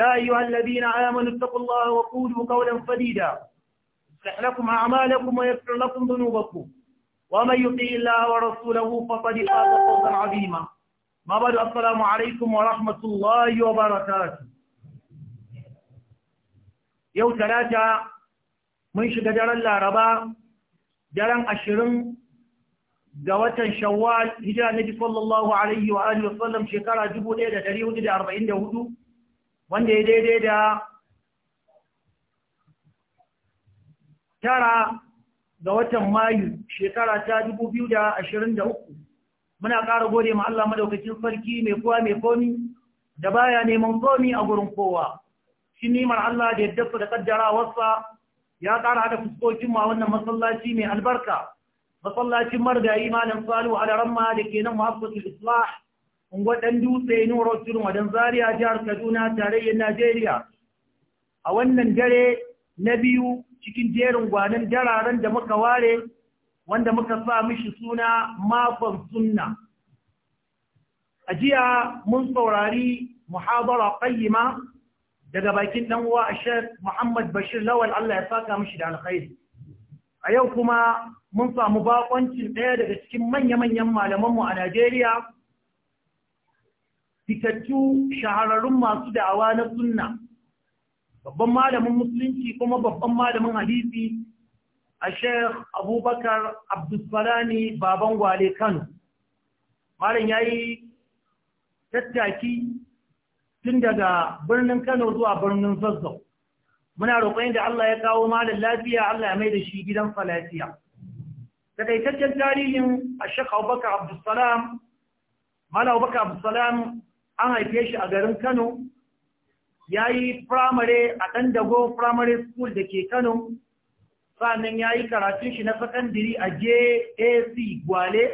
يا أيها الذين آمنوا اتقوا الله وقولوا قولا سديدا يصلح لكم أعمالكم ويغفر لكم ذنوبكم ومن يطع الله ورسوله فقد فاز فوزا عظيما ما بعد السلام عليكم ورحمة الله وبركاته يوم ثلاثة من شجر العربة جرى عشرين ga watan shawwal hijira nabi sallallahu alaihi wa alihi wasallam shekara 1444 wanda ya daidai da tara ga watan mayu shekara ta 2023 muna ƙara gode ma Allah madaukakin sarki mai kowa mai komi da baya neman komi a gurin kowa shi nimar Allah da yadda da kaddara wasa ya ƙara haɗa fuskokin ma wannan masallaci mai albarka masallacin marigayi malam salu a da ke nan muhabbatul islah ungwaɗan dutse nuro turma don zariya jihar kaduna tarayyar najeriya a wannan dare na biyu cikin jerin gwanin dararen da muka ware wanda muka sa mishi suna makon sunna a jiya mun saurari muhabara qayyima daga bakin ɗan uwa Sheikh Muhammad Bashir Lawal Allah ya saka mishi da alkhairi a yau kuma mun samu bakoncin ɗaya daga cikin manya-manyan malamanmu a Najeriya fitattu shahararrun masu da'awa na sunna babban malamin musulunci kuma babban malamin hadisi a sheikh abubakar abdulsalani baban gwale kano malam ya yi tattaki tun daga birnin kano zuwa birnin zazzau muna roƙon da allah ya kawo malam lafiya allah ya mai da shi gidan falafiya takaitaccen tarihin a sheikh abubakar abdulsalam malam abubakar abdulsalam an haife shi a garin Kano, ya yi firamare a ɗandago firamare School da ke Kano, sannan ya yi karatun shi na sakandiri a JAC Gwale,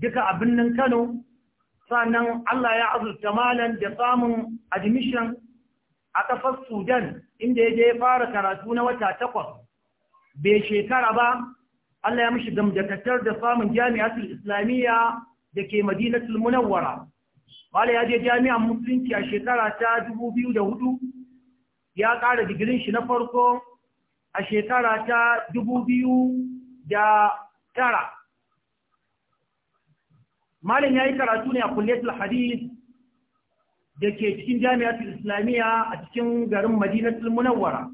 duka a birnin Kano, sannan Allah ya azurta malam da samun admission a ƙasar Sudan inda ya je ya fara karatu na wata takwas, bai shekara ba, Allah ya mishi gamdakatar da samun jami'atul Islamiyya da ke Madinatul Munawwara. Bala ya je jami'an musulunci a shekara ta hudu ya ƙara digirin shi na farko a shekara ta tara. Malin ya yi karatu ne a kulletul hadith da ke cikin jami'atul islamiyya a cikin garin madinatul munawwara.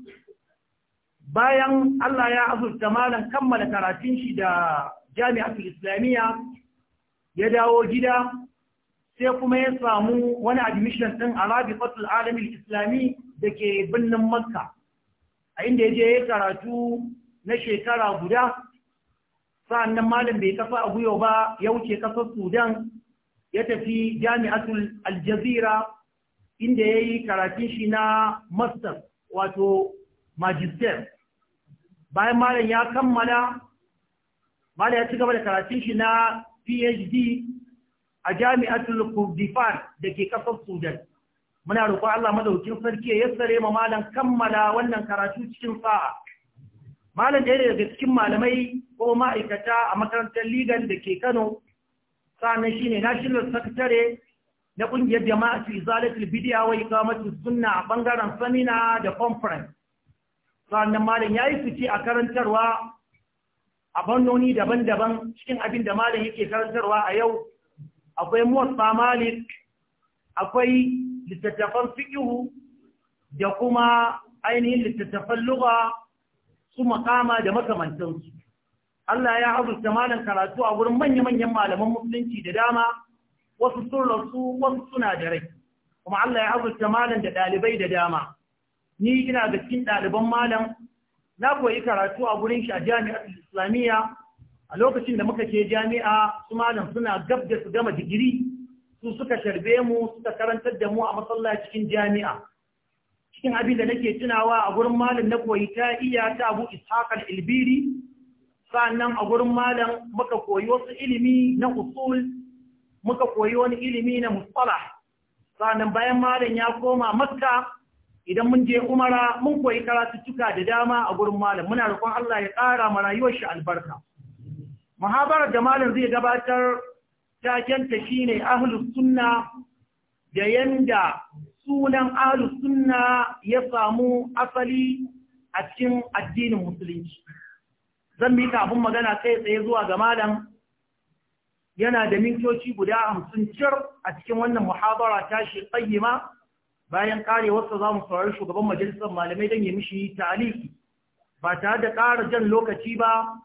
Bayan Allah ya azurta malam kammala karatun shi da jami'atul islamiyya ya dawo gida sai kuma ya samu wani admission ɗin a fatul alamin islami da ke birnin makka a inda ya je ya karatu na shekara guda sa'annan malam bai kasa a guyo ba ya wuce kasar sudan ya tafi jami'atul aljazira inda ya yi karatun shi na master wato magister bayan malam ya kammala malam ya ci gaba da karatun shi na phd a jami'atul kurdifan da ke kasar sudan muna roƙon Allah madaukin sarki ya sare ma malam kammala wannan karatu cikin sa'a malam ɗaya daga cikin malamai ko ma'aikata a makarantar ligan da ke kano sa'annan shine national secretary na ƙungiyar jama'atu izalatul bidiya wa iqamatu sunna a bangaren samina da conference sannan malam ya yi fice a karantarwa a bannoni daban-daban cikin abin da malam yake karantarwa a yau akwai muwatsa malik akwai littattafan fikihu da kuma ainihin littattafan luga su makama da makamantansu Allah ya azurta malam karatu a wurin manya-manyan malaman musulunci da dama wasu sun wasu suna da rai kuma Allah ya azurta malam da ɗalibai da dama ni ina ga cikin ɗaliban malam na koyi karatu a gurin shi a jami'ar islamiyya a lokacin da muka ke jami'a su malam suna gab da su gama digiri su suka sharbe mu suka karantar da mu a cikin jami'a cikin abin da nake tunawa a gurin malam na koyi ta iya ta abu ishaqal ilbiri sannan a gurin malam muka koyi wasu ilimi na usul muka koyi wani ilimi na mustalah sannan bayan malam ya koma makka idan mun je umara mun koyi karatu, karatuttuka da dama a gurin malam muna roƙon Allah ya ƙara mana rayuwar shi albarka muhabarar da malam zai gabatar takenta shine ahlus sunna da yanda sunan ahlus sunna ya samu asali a cikin addinin musulunci zan bi kafin magana kai tsaye zuwa ga malam yana da mintoci guda hamsin cir a cikin wannan muhabara tashi tsayyima bayan wasu za mu saurari shugaban majalisar malamai don ya mishi ta'aliki, ba tare da ƙara jan lokaci ba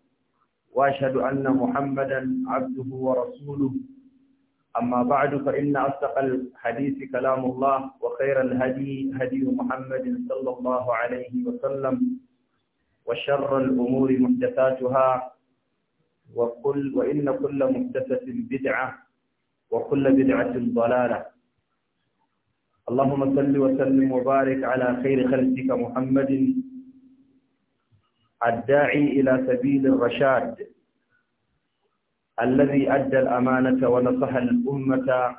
وأشهد أن محمدا عبده ورسوله أما بعد فإن أصدق الحديث كلام الله وخير الهدي هدي محمد صلى الله عليه وسلم وشر الأمور محدثاتها وكل وإن كل محدثة بدعة وكل بدعة ضلالة اللهم صل وسلم وبارك على خير خلقك محمد الداعي إلى سبيل الرشاد الذي أدى الأمانة ونصح الأمة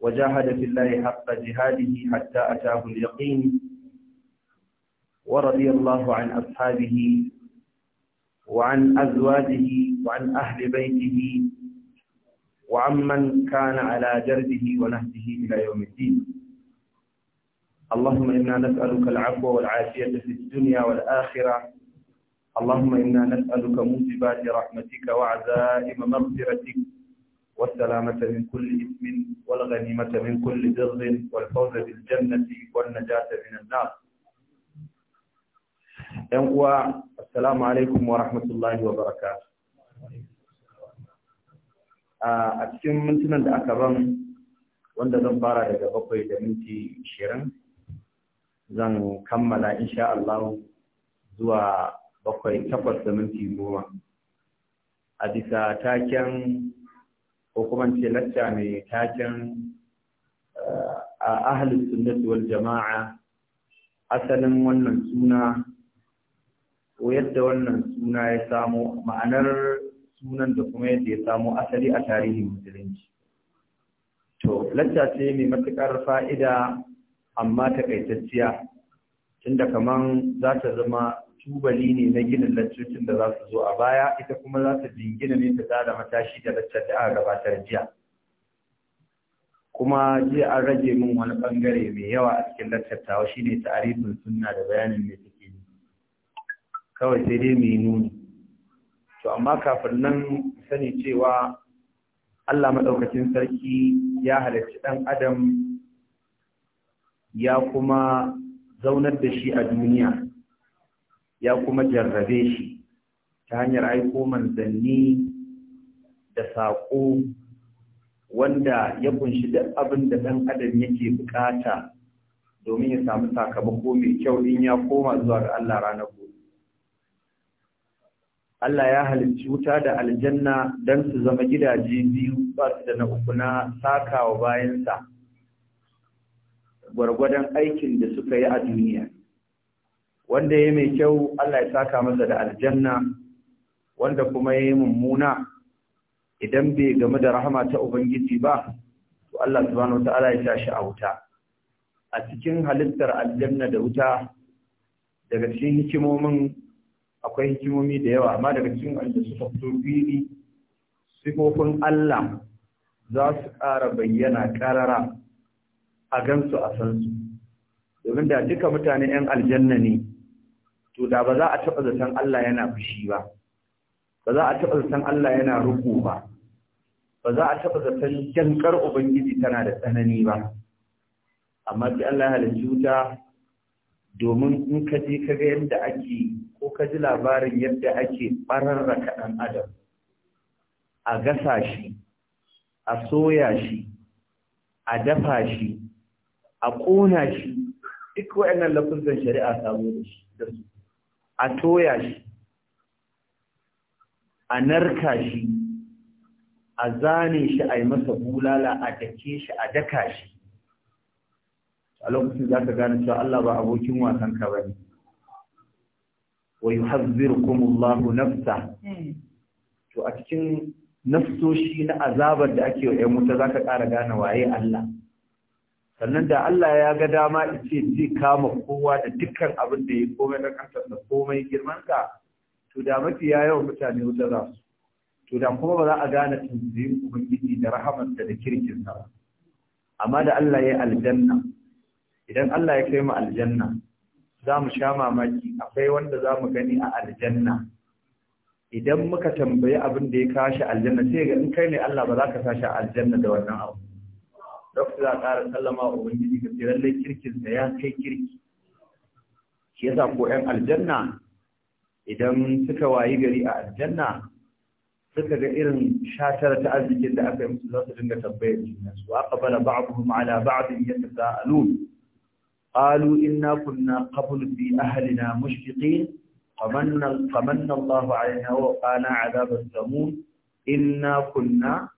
وجاهد في الله حق جهاده حتى أتاه اليقين ورضي الله عن أصحابه وعن أزواجه وعن أهل بيته وعمن كان على دربه ونهجه إلى يوم الدين اللهم إنا نسألك العفو والعافية في الدنيا والآخرة اللهم إنا نسألك موجبات رحمتك وعزائم مغفرتك والسلامة من كل إثم والغنيمة من كل ضر والفوز بالجنة والنجاة من النار ينقوى السلام عليكم ورحمة الله وبركاته a cikin mintunan da aka ban wanda zan fara daga bakwai da minti ishirin zan kammala insha Allah zuwa bakwai takwas da minti goma a bisa taken ko kuma ce lacca mai taken a eh, ahalin sunnati wal jama'a asalin wannan suna ko yadda wannan suna ya samo ma'anar sunan da kuma yadda ya samo asali a tarihin musulunci to lacca ce mai matuƙar fa'ida amma takaitacciya tunda kaman za ta zama tubali ne na ginin lantocin da za su zo a baya ita kuma za ta jingina ne ta tsada matashi da laccar da aka gabatar jiya kuma jiya an rage min wani bangare mai yawa a cikin laccar tawa shine tarihin sunna da bayanin mai take yi kawai sai dai mai nuni to amma kafin nan sani cewa Allah maɗaukacin sarki ya halarci dan adam ya kuma zaunar da shi a duniya ya kuma jarrabe shi ta hanyar aiko manzanni da saƙo wanda ya kunshi duk abin da ɗan adam yake bukata domin ya samu sakamako mai kyau in ya koma zuwa ga Allah ranar gobe. Allah ya halicci wuta da aljanna don su zama gidaje biyu ba su da na uku na sakawa bayansa gwargwadon aikin da suka yi a duniya. wanda ya mai kyau Allah ya saka masa da aljanna wanda kuma ya yi mummuna idan bai game da rahama ta ubangiji ba to Allah subhanahu wataala ya tashi a wuta a cikin halittar aljanna da wuta daga cikin hikimomin akwai hikimomi da yawa amma daga cikin wanda suka fito fili sifofin Allah za su ƙara bayyana ƙarara a gansu a sansu domin da duka mutane 'yan aljanna ne to da ba za a taɓa zaton Allah yana fushi ba ba za a taɓa zaton Allah yana ruku ba ba za a taɓa zaton jankar ubangiji tana da tsanani ba amma sai Allah ya wuta domin in ka je ka ga yadda ake ko ka ji labarin yadda ake bararraka ɗan adam a gasa shi a soya shi a dafa shi a ƙona shi duk waɗannan lafuzan shari'a samu da su a toya shi a narka shi a zane shi a yi masa bulala a dake shi a daka shi a lokacin za ka gane cewa Allah ba abokin wasan ka ba ne. Wai wa yuhazzirukumullahu nafsa hmm. to a cikin nafsoshi na azabar da ake wa 'yan wuta za ka ƙara gane waye Allah sannan da Allah ya ga dama ce zai kama kowa da dukkan abin da ya komai kansa da komai girmansa to da mafi yawan mutane wuta za su to da kuma ba za a gane kuma ubangiji da rahamarsa da kirkinsa ba amma da Allah ya yi aljanna idan Allah ya kai mu aljanna za mu sha mamaki akwai wanda za mu gani a aljanna idan muka tambayi abin da ya kashi aljanna sai ga in kai ne Allah ba za ka sashi aljanna da wannan abu lokacin za a ƙara sallama wa ubangiji ga ce lallai kirkin sa ya kai kirki shi yasa ko yan aljanna idan suka wayi gari a aljanna suka ga irin shatar ta arzikin da aka yi musu za su dinga tambayar junansu wa qabala ba'dhum ala ba'dhin yatasaalun قالوا إنا كنا قبل في أهلنا مشفقين فمن, فمن الله علينا وقانا عذاب السموم إنا كنا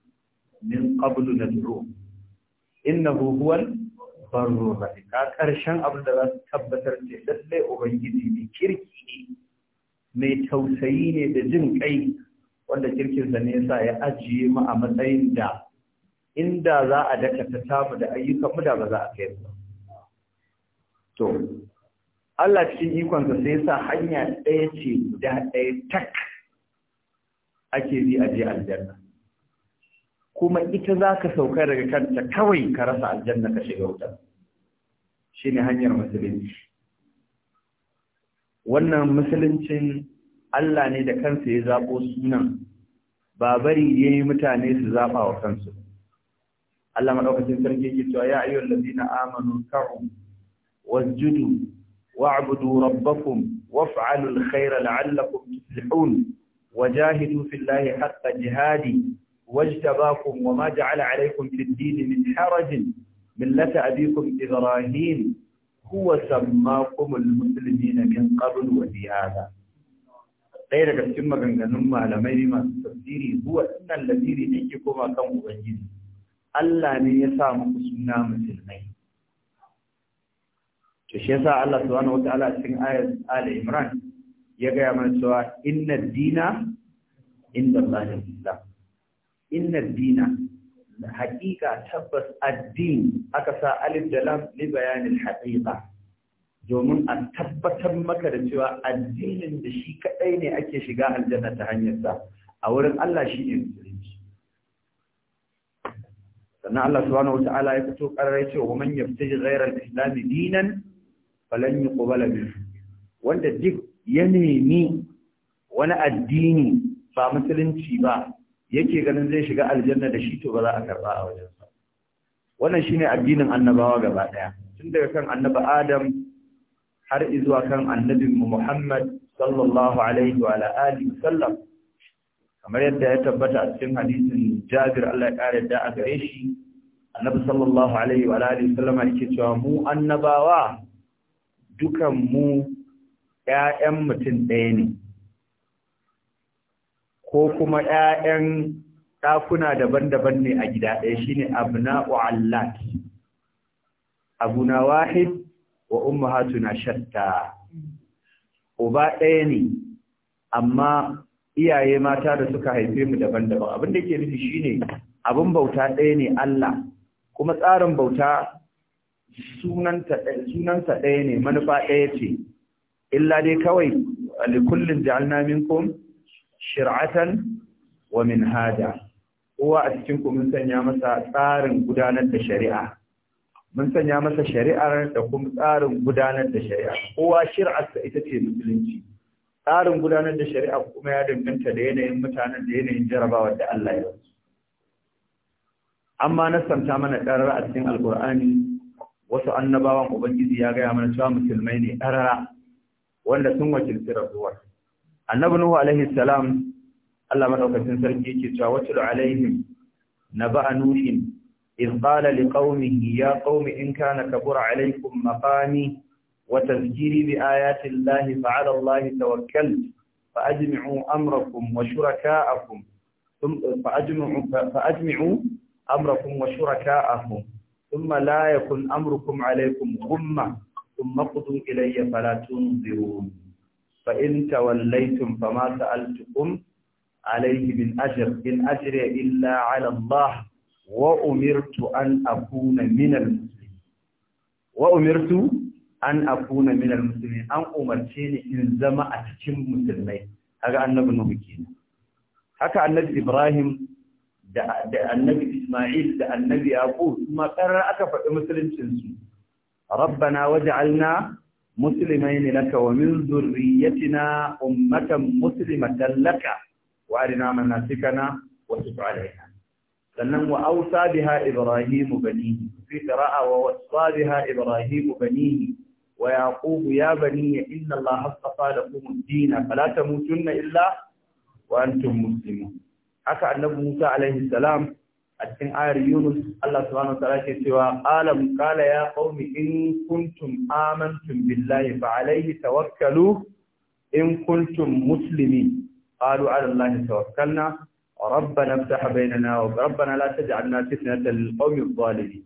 من قبل ندعوه Inna huwal barru rahim ka karshen abin da za su tabbatar ce lalle ubangiji ne kirki ne mai tausayi ne da jin kai wanda kirkin kirkinsa ne yasa ya ajiye mu a matsayin da inda za a ta tamu da ayyukan mu da ba za a kai ba to Allah cikin ikonsa sai yasa hanya ɗaya ce guda ɗaya tak ake bi a je aljanna kuma ita za ka sauka daga kanta kawai ka rasa aljanna ka shiga wuta shi ne hanyar musulunci wannan musuluncin Allah ne da kansa ya zaɓo sunan ba bari ya yi mutane su zaɓa wa kansu Allah maɗaukacin sarki yake cewa ya ayyuhal ladina amanu ka'u wasjudu wa'budu rabbakum waf'alul khaira la'allakum tuflihun wajahidu fillahi haqqa jihadi واجتباكم وما جعل عليكم في الدين من حرج ملة أبيكم إبراهيم هو سماكم المسلمين من قبل وفي هذا ɗaya daga cikin maganganun malamai ne masu tafsiri huwa sunan lasiri ɗin ki koma kan ubangiji Allah ne ya sa muku suna musulmai to shi yasa Allah subhanahu wataala cikin ayat Ali Imran ya gaya mana cewa inna dina inda Allah inna dina haƙiƙa tabbas addini aka sa alif da lam li bayanin haƙiƙa domin a tabbatar maka da cewa addinin da shi kaɗai ne ake shiga aljanna ta hanyarsa a wurin Allah shi ne musulunci sannan Allah subhanahu wata'ala ya fito ƙararrai cewa wa man yabtaji ghairal islami dinan falan yuqbala minhu wanda duk ya nemi wani addini ba musulunci ba yake ganin zai shiga aljanna da shi to ba za a karba a wajensa wannan shine addinin annabawa gaba daya tun daga kan annabi adam har izuwa kan annabin muhammad sallallahu alaihi wa alihi sallam kamar yadda ya tabbata a cikin hadisin jabir Allah ya kare da aka gare shi annabi sallallahu alaihi wa alihi sallam yake cewa mu annabawa dukan mu ƴaƴan mutum ɗaya ne ko kuma ‘ya'yan ɗakuna daban-daban ne a gida ɗaya shine abna abu abuna wahid wa ummahatuna shatta uba ɗaya ne amma iyaye mata da suka haife mu daban-daban abin ke nufi shine abin bauta ɗaya ne Allah kuma tsarin bauta sunanta ɗaya ne manufa ɗaya ce illa dai kawai alikullin ja'alna minkum shir'atan wa minhaja kowa a cikin ku mun sanya masa tsarin gudanar da shari'a mun sanya masa shari'ar da kuma tsarin gudanar da shari'a kowa shir'arsa ita ce musulunci tsarin gudanar da shari'a kuma ya danganta da yanayin mutanen da yanayin jarabawar da Allah ya yi amma samta mana ƙarara a cikin Alkur'ani wasu annabawan ubangiji ya gaya mana cewa musulmai ne ƙarara wanda sun wakilci rabuwar annabi nuhu alaihi salam Allah madaukakin sarki yake cewa watul alaihim naba'a nuhin idh qala liqaumihi ya qaumi in kana kabura alaikum maqami wa tadhkiri bi ayati llahi fa 'ala allahi tawakkaltu fa ajmi'u amrakum wa shuraka'akum فأجمعوا أمركم وشركاءكم ثم لا يكن أمركم عليكم غمة ثم قضوا إلي فلا تنظرون fa in tawallaytum fama sa'altukum alayhi min ajr in ajri illa 'ala Allah wa umirtu an akuna min al-muslimin wa umirtu an akuna min al-muslimin an umarce ni in zama a cikin musulmai kaga annabi nuhu kenan haka annabi Ibrahim da annabi Ismail da annabi Yaqub kuma karar aka faɗi su rabbana waj'alna musulmaini laka wa min zurriyyatina ummatan muslimatan laka wa arina manasikana wa tub alayna sannan wa awsa biha ibrahim banihi fi qira'a wa wasa biha ibrahim banihi wa yaqub ya bani inna allaha astafa lakum ad-din fala tamutunna illa wa antum muslimun haka annabi musa alayhi salam a cikin ayar Yunus Allah subhanahu wataala ke cewa alam qala ya qaumi in kuntum amantum billahi fa alayhi tawakkalu in kuntum muslimin qalu ala allahi tawakkalna ربنا افتح بيننا وربنا لا تجعلنا فتنة للقوم الظالمين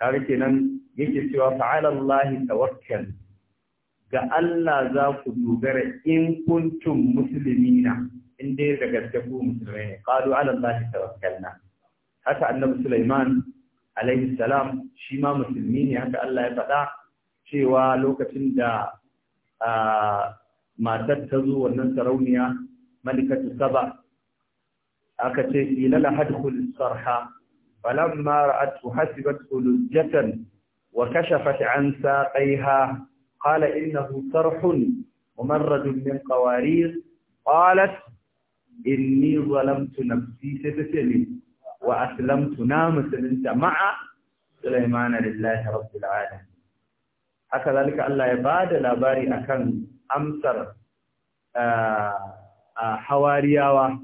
kaga kenan yake cewa fa'ala Allah tawakkal ga Allah za ku dogara in kuntum muslimina in dai da gaske ku musulmai ne qalu ala Allah tawakkalna haka annabi Sulaiman alaihi salam shi ma musulmi ne haka Allah ya faɗa cewa lokacin da matar ta zo wannan sarauniya malikatu saba aka ce ilala hadkhul sarha falamma ra'atu hasibatu lujjatan wa kashafat an saqaiha qala innahu sarhun mumarrad min qawarir qalat inni zalamtu nafsi sai ta ce wa aslamtu na musulunta ma'a Sulaiman lillahi rabbil alamin haka zalika Allah ya bada labari akan amsar a ah, ah, hawariyawa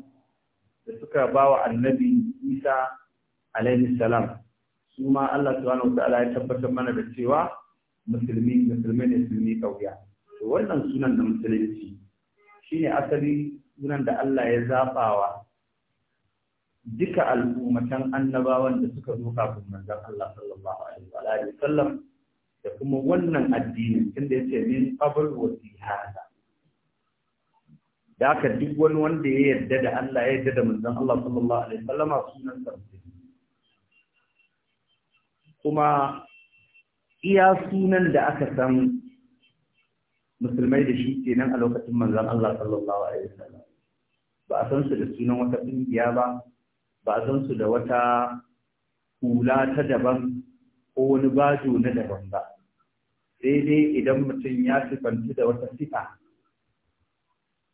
da suka bawa annabi Isa alaihi salam su Allah subhanahu ya tabbatar mana da cewa musulmi musulmi ne musulmi kauya wannan sunan da musulunci shine asali sunan da Allah ya zafawa. duka al'ummatan annabawan da suka zo kafin manzon Allah sallallahu alaihi wa sallam da kuma wannan addinin tunda yace min qabl wa hada da ka duk wani wanda ya yarda da Allah ya yarda da manzon Allah sallallahu alaihi wa sallama sunan sa kuma iya sunan da aka san musulmai da shi kenan a lokacin manzon Allah sallallahu alaihi wa sallam ba a san su da sunan wata ƙungiya ba ba su da wata hula ta daban ko wani bajo na daban ba sai dai idan mutum ya sifanci da wata sifa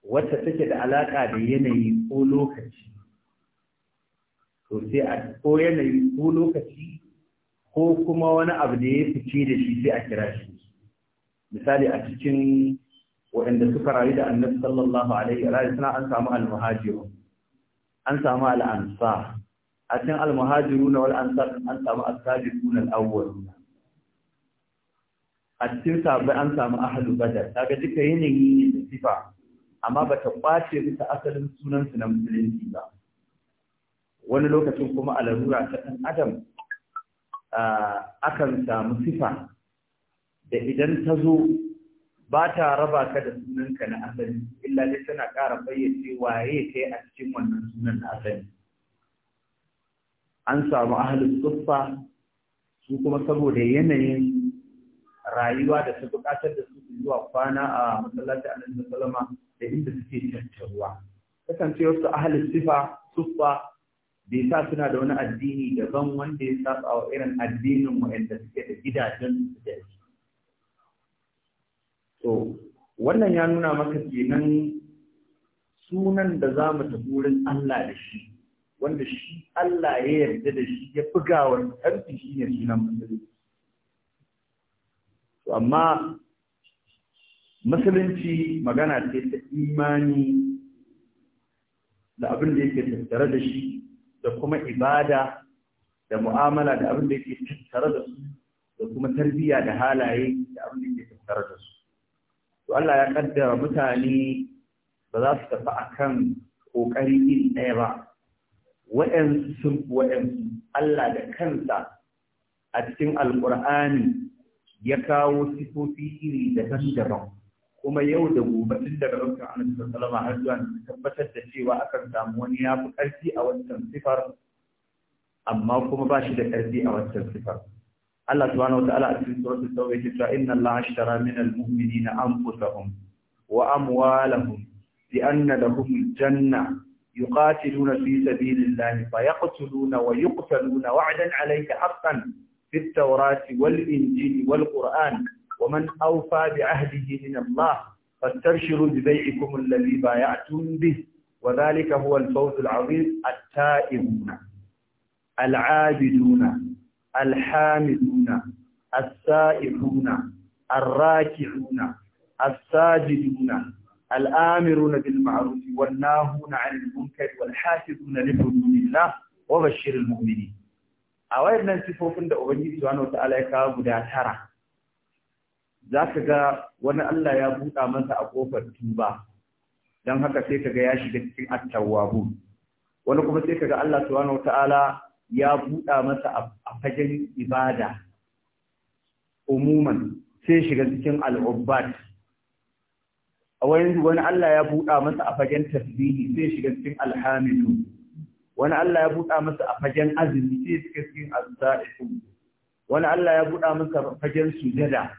wacce take da alaƙa da yanayi ko lokaci to sai a ko yanayi ko lokaci ko kuma wani abu da ya fice da shi sai a kira shi misali a cikin waɗanda suka rayu da annabi sallallahu alaihi wa sallam an samu al-muhajirun an samu al'ansa a cikin almuhajiruna wal ansar an samu as-sabiquna al a cikin sabai an samu ahlu badar kaga duka yanayi ne da sifa amma bata kwace bisa asalin sunansu na musulunci ba wani lokacin kuma a larura ta ɗan adam ah, akan samu sifa da idan ta zo ba ta raba ka da sunanka na asali illa dai tana ƙara bayyace waye yi a cikin wannan sunan na asali an samu ahalin tsuffa su kuma saboda yanayin rayuwa da su buƙatar da su zuwa kwana a masallaci annabi sallama da inda suke tattaruwa kasance wasu ahli sifa tsuffa bai sa suna da wani addini daban wanda ya saba wa irin addinin waɗanda suke da gidajen da to wannan ya nuna maka kenan sunan da za mu tafi wurin Allah da shi wanda shi Allah ya yarda da shi ya buga wa tarfi shi ne sunan musulunci to amma musulunci magana ce ta imani da abin da yake tattare da shi da kuma ibada da mu'amala da abin da yake tattare da su da kuma tarbiyya da halaye da abin da yake tattare da su to Allah ya kaddara mutane ba za su tafi akan kokari iri ɗaya ba waɗansu sun Allah da kansa a cikin alƙur'ani ya kawo sifofi iri daban-daban kuma yau da gobe tun daga lokacin annabi sallallahu alaihi har zuwa tabbatar da cewa akan samu wani ya fi ƙarfi a wancan sifar amma kuma ba shi da ƙarfi a wancan sifar Allah subhanahu wataala a cikin suratul tauba yake cewa inna Allah ashtara min almu'minina anfusahum wa amwalahum bi anna lahum janna yuqatiluna fi sabilillahi fayaqtuluna wa yuqtaluna wa'dan alayka haqqan fi at-taurati wal injili wal qur'an wa man awfa bi ahdihi min Allah فاستبشروا ببيعكم الذي بايعتم به وذلك هو الفوز العظيم التائبون العابدون alhamiduna as-sa'ihuna ar-raki'una as-sajiduna al-amiruna bil ma'ruf wan nahuna 'anil munkar wal hafizuna li hududillah wa bashirin mu'minin a wayannan sifofin da ubangiji subhanahu wata'ala ya kawo guda tara zaka ga wani Allah ya buɗa masa a kofar tuba dan haka sai kaga ya shiga cikin at wani kuma sai kaga Allah subhanahu ya buɗa masa a fagen ibada umuman sai shiga cikin al'ubbat a wayan wani Allah ya buɗa masa a fagen tasbihi sai shiga cikin alhamidu wani Allah ya buɗa masa a fagen azumi sai shiga cikin azza'iku wani Allah ya buɗa masa a fagen sujada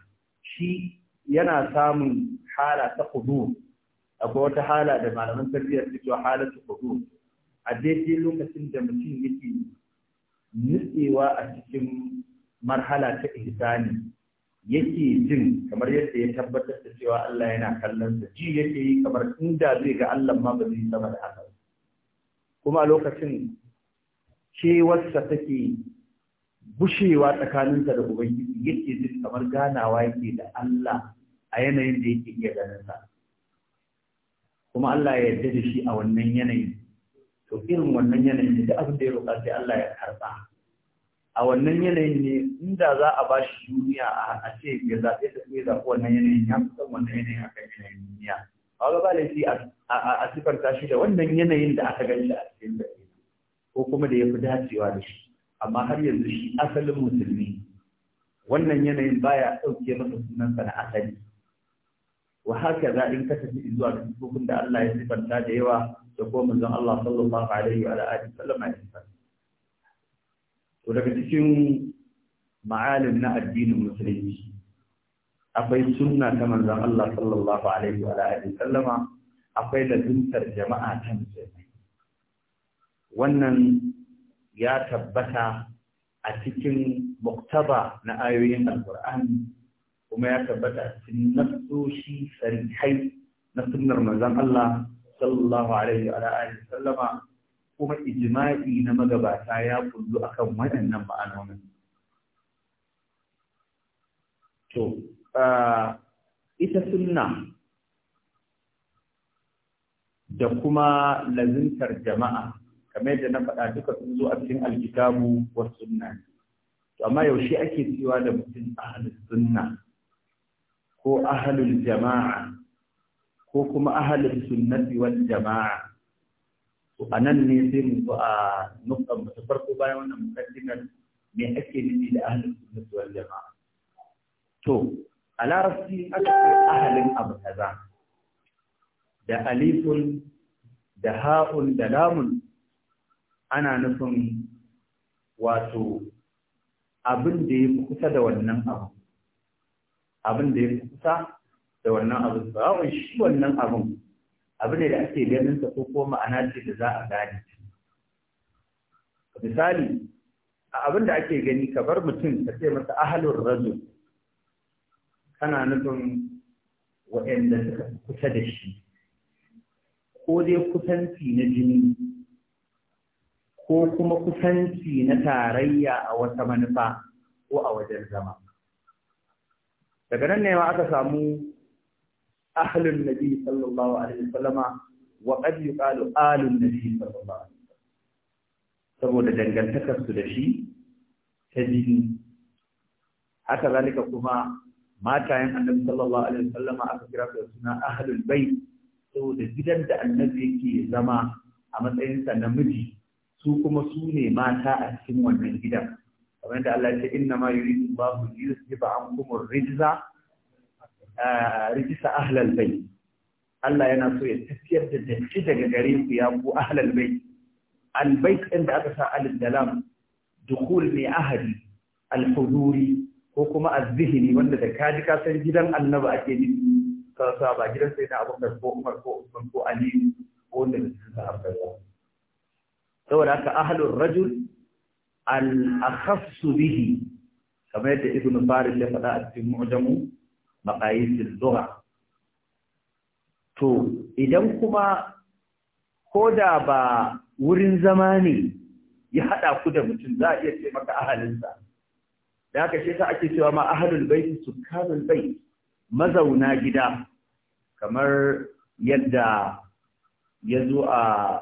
shi yana samun hala ta kudu akwai wata hala da malaman tarbiyyar hala ta kudu a daidai lokacin da mutum yake nutsewa a cikin marhala ta ihsani yake jin kamar yadda ya tabbatar da cewa Allah yana kallon sa ji yake yi kamar inda zai ga Allah ma ba zai sama da haka kuma a lokacin kewarsa take bushewa tsakaninsa da ubangiji yake jin kamar ganawa yake da Allah a yanayin da yake iya ganin sa kuma Allah ya yarda da shi a wannan yanayin to irin wannan yanayin ne da abin da ya roƙa sai Allah ya karɓa a wannan yanayin ne inda za a ba shi duniya a ce ya zaɓe ta ya zaɓi wannan yanayin ya fi son wannan yanayin a kan yanayin duniya a ga ba shi a sifanta shi da wannan yanayin da aka gan shi a cikin da ko kuma da ya fi dacewa da shi amma har yanzu shi asalin musulmi wannan yanayin baya ɗauke masa sunan na asali wa haka za in ka tafi zuwa ga da Allah ya sifanta da yawa da kuma manzon Allah sallallahu alaihi wa alihi sallam a cikin to daga cikin ma'alim na addinin musulunci akwai sunna ta manzon Allah sallallahu alaihi wa alihi sallama akwai lazimtar jama'a ta musulmi wannan ya tabbata a cikin muktaba na ayoyin al alkur'ani kuma ya tabbata a cikin nasoshi sarihai na sunnar manzon Allah sallallahu alaihi wa alihi sallama kuma ijma'i na magabata ya kullu akan waɗannan ma'anonin to ita sunna da kuma lazimtar jama'a kamar yadda na faɗa duka sun zo a cikin alkitabu wa sunna to amma yaushe ake cewa da mutum ahlus sunna ko ahlul jama'a ko kuma ahalin sunnati wal jama'a to anan ne sai mu zo a nukan mu farko bayan wannan mukaddimar me ake nufi da ahalin sunnati wal jama'a to a larabci aka ce ahalin abu kaza da alifun da ha'un da lamun ana nufin wato abin da ya fi kusa da wannan abu abin da ya fi kusa da wannan abu sawa'un shi wannan abun abu ne da ake ganin sa ko ko ma'ana ce da za a gane misali a abin da ake gani ka bar mutum ka ce masa ahalur rajul kana nufin waɗanda suka kusa da shi ko dai kusanci na jini ko kuma kusanci na tarayya a wata manufa ko a wajen zama daga nan ne ma aka samu أهل النبي صلى الله عليه وسلم وقد يقال آل النبي صلى الله عليه وسلم saboda dangantakarsu da shi ta jini haka zalika kuma matayen annabi sallallahu alaihi wasallama aka kira su suna ahlul bait saboda gidan da annabi yake zama a matsayinsa na miji su kuma su ne mata a cikin wannan gidan kamar yadda Allah ya ce inna ma yuridu Allahu yuzhiba ankum ar-rijza Rikisa ahlal bai Allah yana so ya tafiyar da datti daga gare ku ya ku ahlal bai albayt ɗin da aka sa alif da lam dukul ne ahadi alhuduri ko kuma azzihini wanda da kaji ka san gidan annabi ake nufi kasa ba gidan sai na abubakar ko umar ko usman ko ali ko wanda da suka haɓar saboda haka ahlur rajul al akhassu bihi kamar yadda ibnu farid ya faɗa a cikin mu'jamu maƙayisin zuwa to idan kuma ko da ba wurin zama ne ya haɗa ku da mutum za a iya ce maka ahalinsa da haka shi sa ake cewa ma ahalul su sukanul bait mazauna gida kamar yadda ya zo a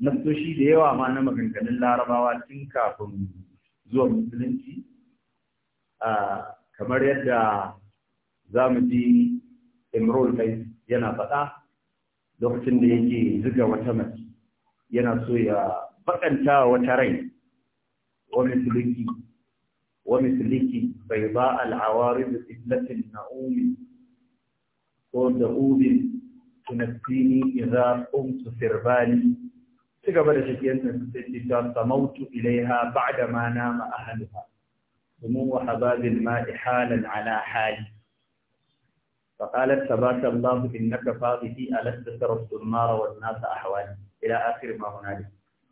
nasoshi da yawa ma na maganganun larabawa tun kafin zuwa musulunci ah, kamar yadda za mu ji imrul kai yana faɗa lokacin da yake ziga wata mace yana so ya bakanta wata rai wa misliki wa bai ba al'awari da tsillatin na'umi ko da ubin tunattini idza umtu sirbani ci gaba da shakiyanta su sai ta samautu ilaiha da ma nama ahaluha domin wa hababil ma'i ala hali فقالت تبارك الله إنك فاضي ألست تربت النار والناس أحوالي إلى آخر ما هنالك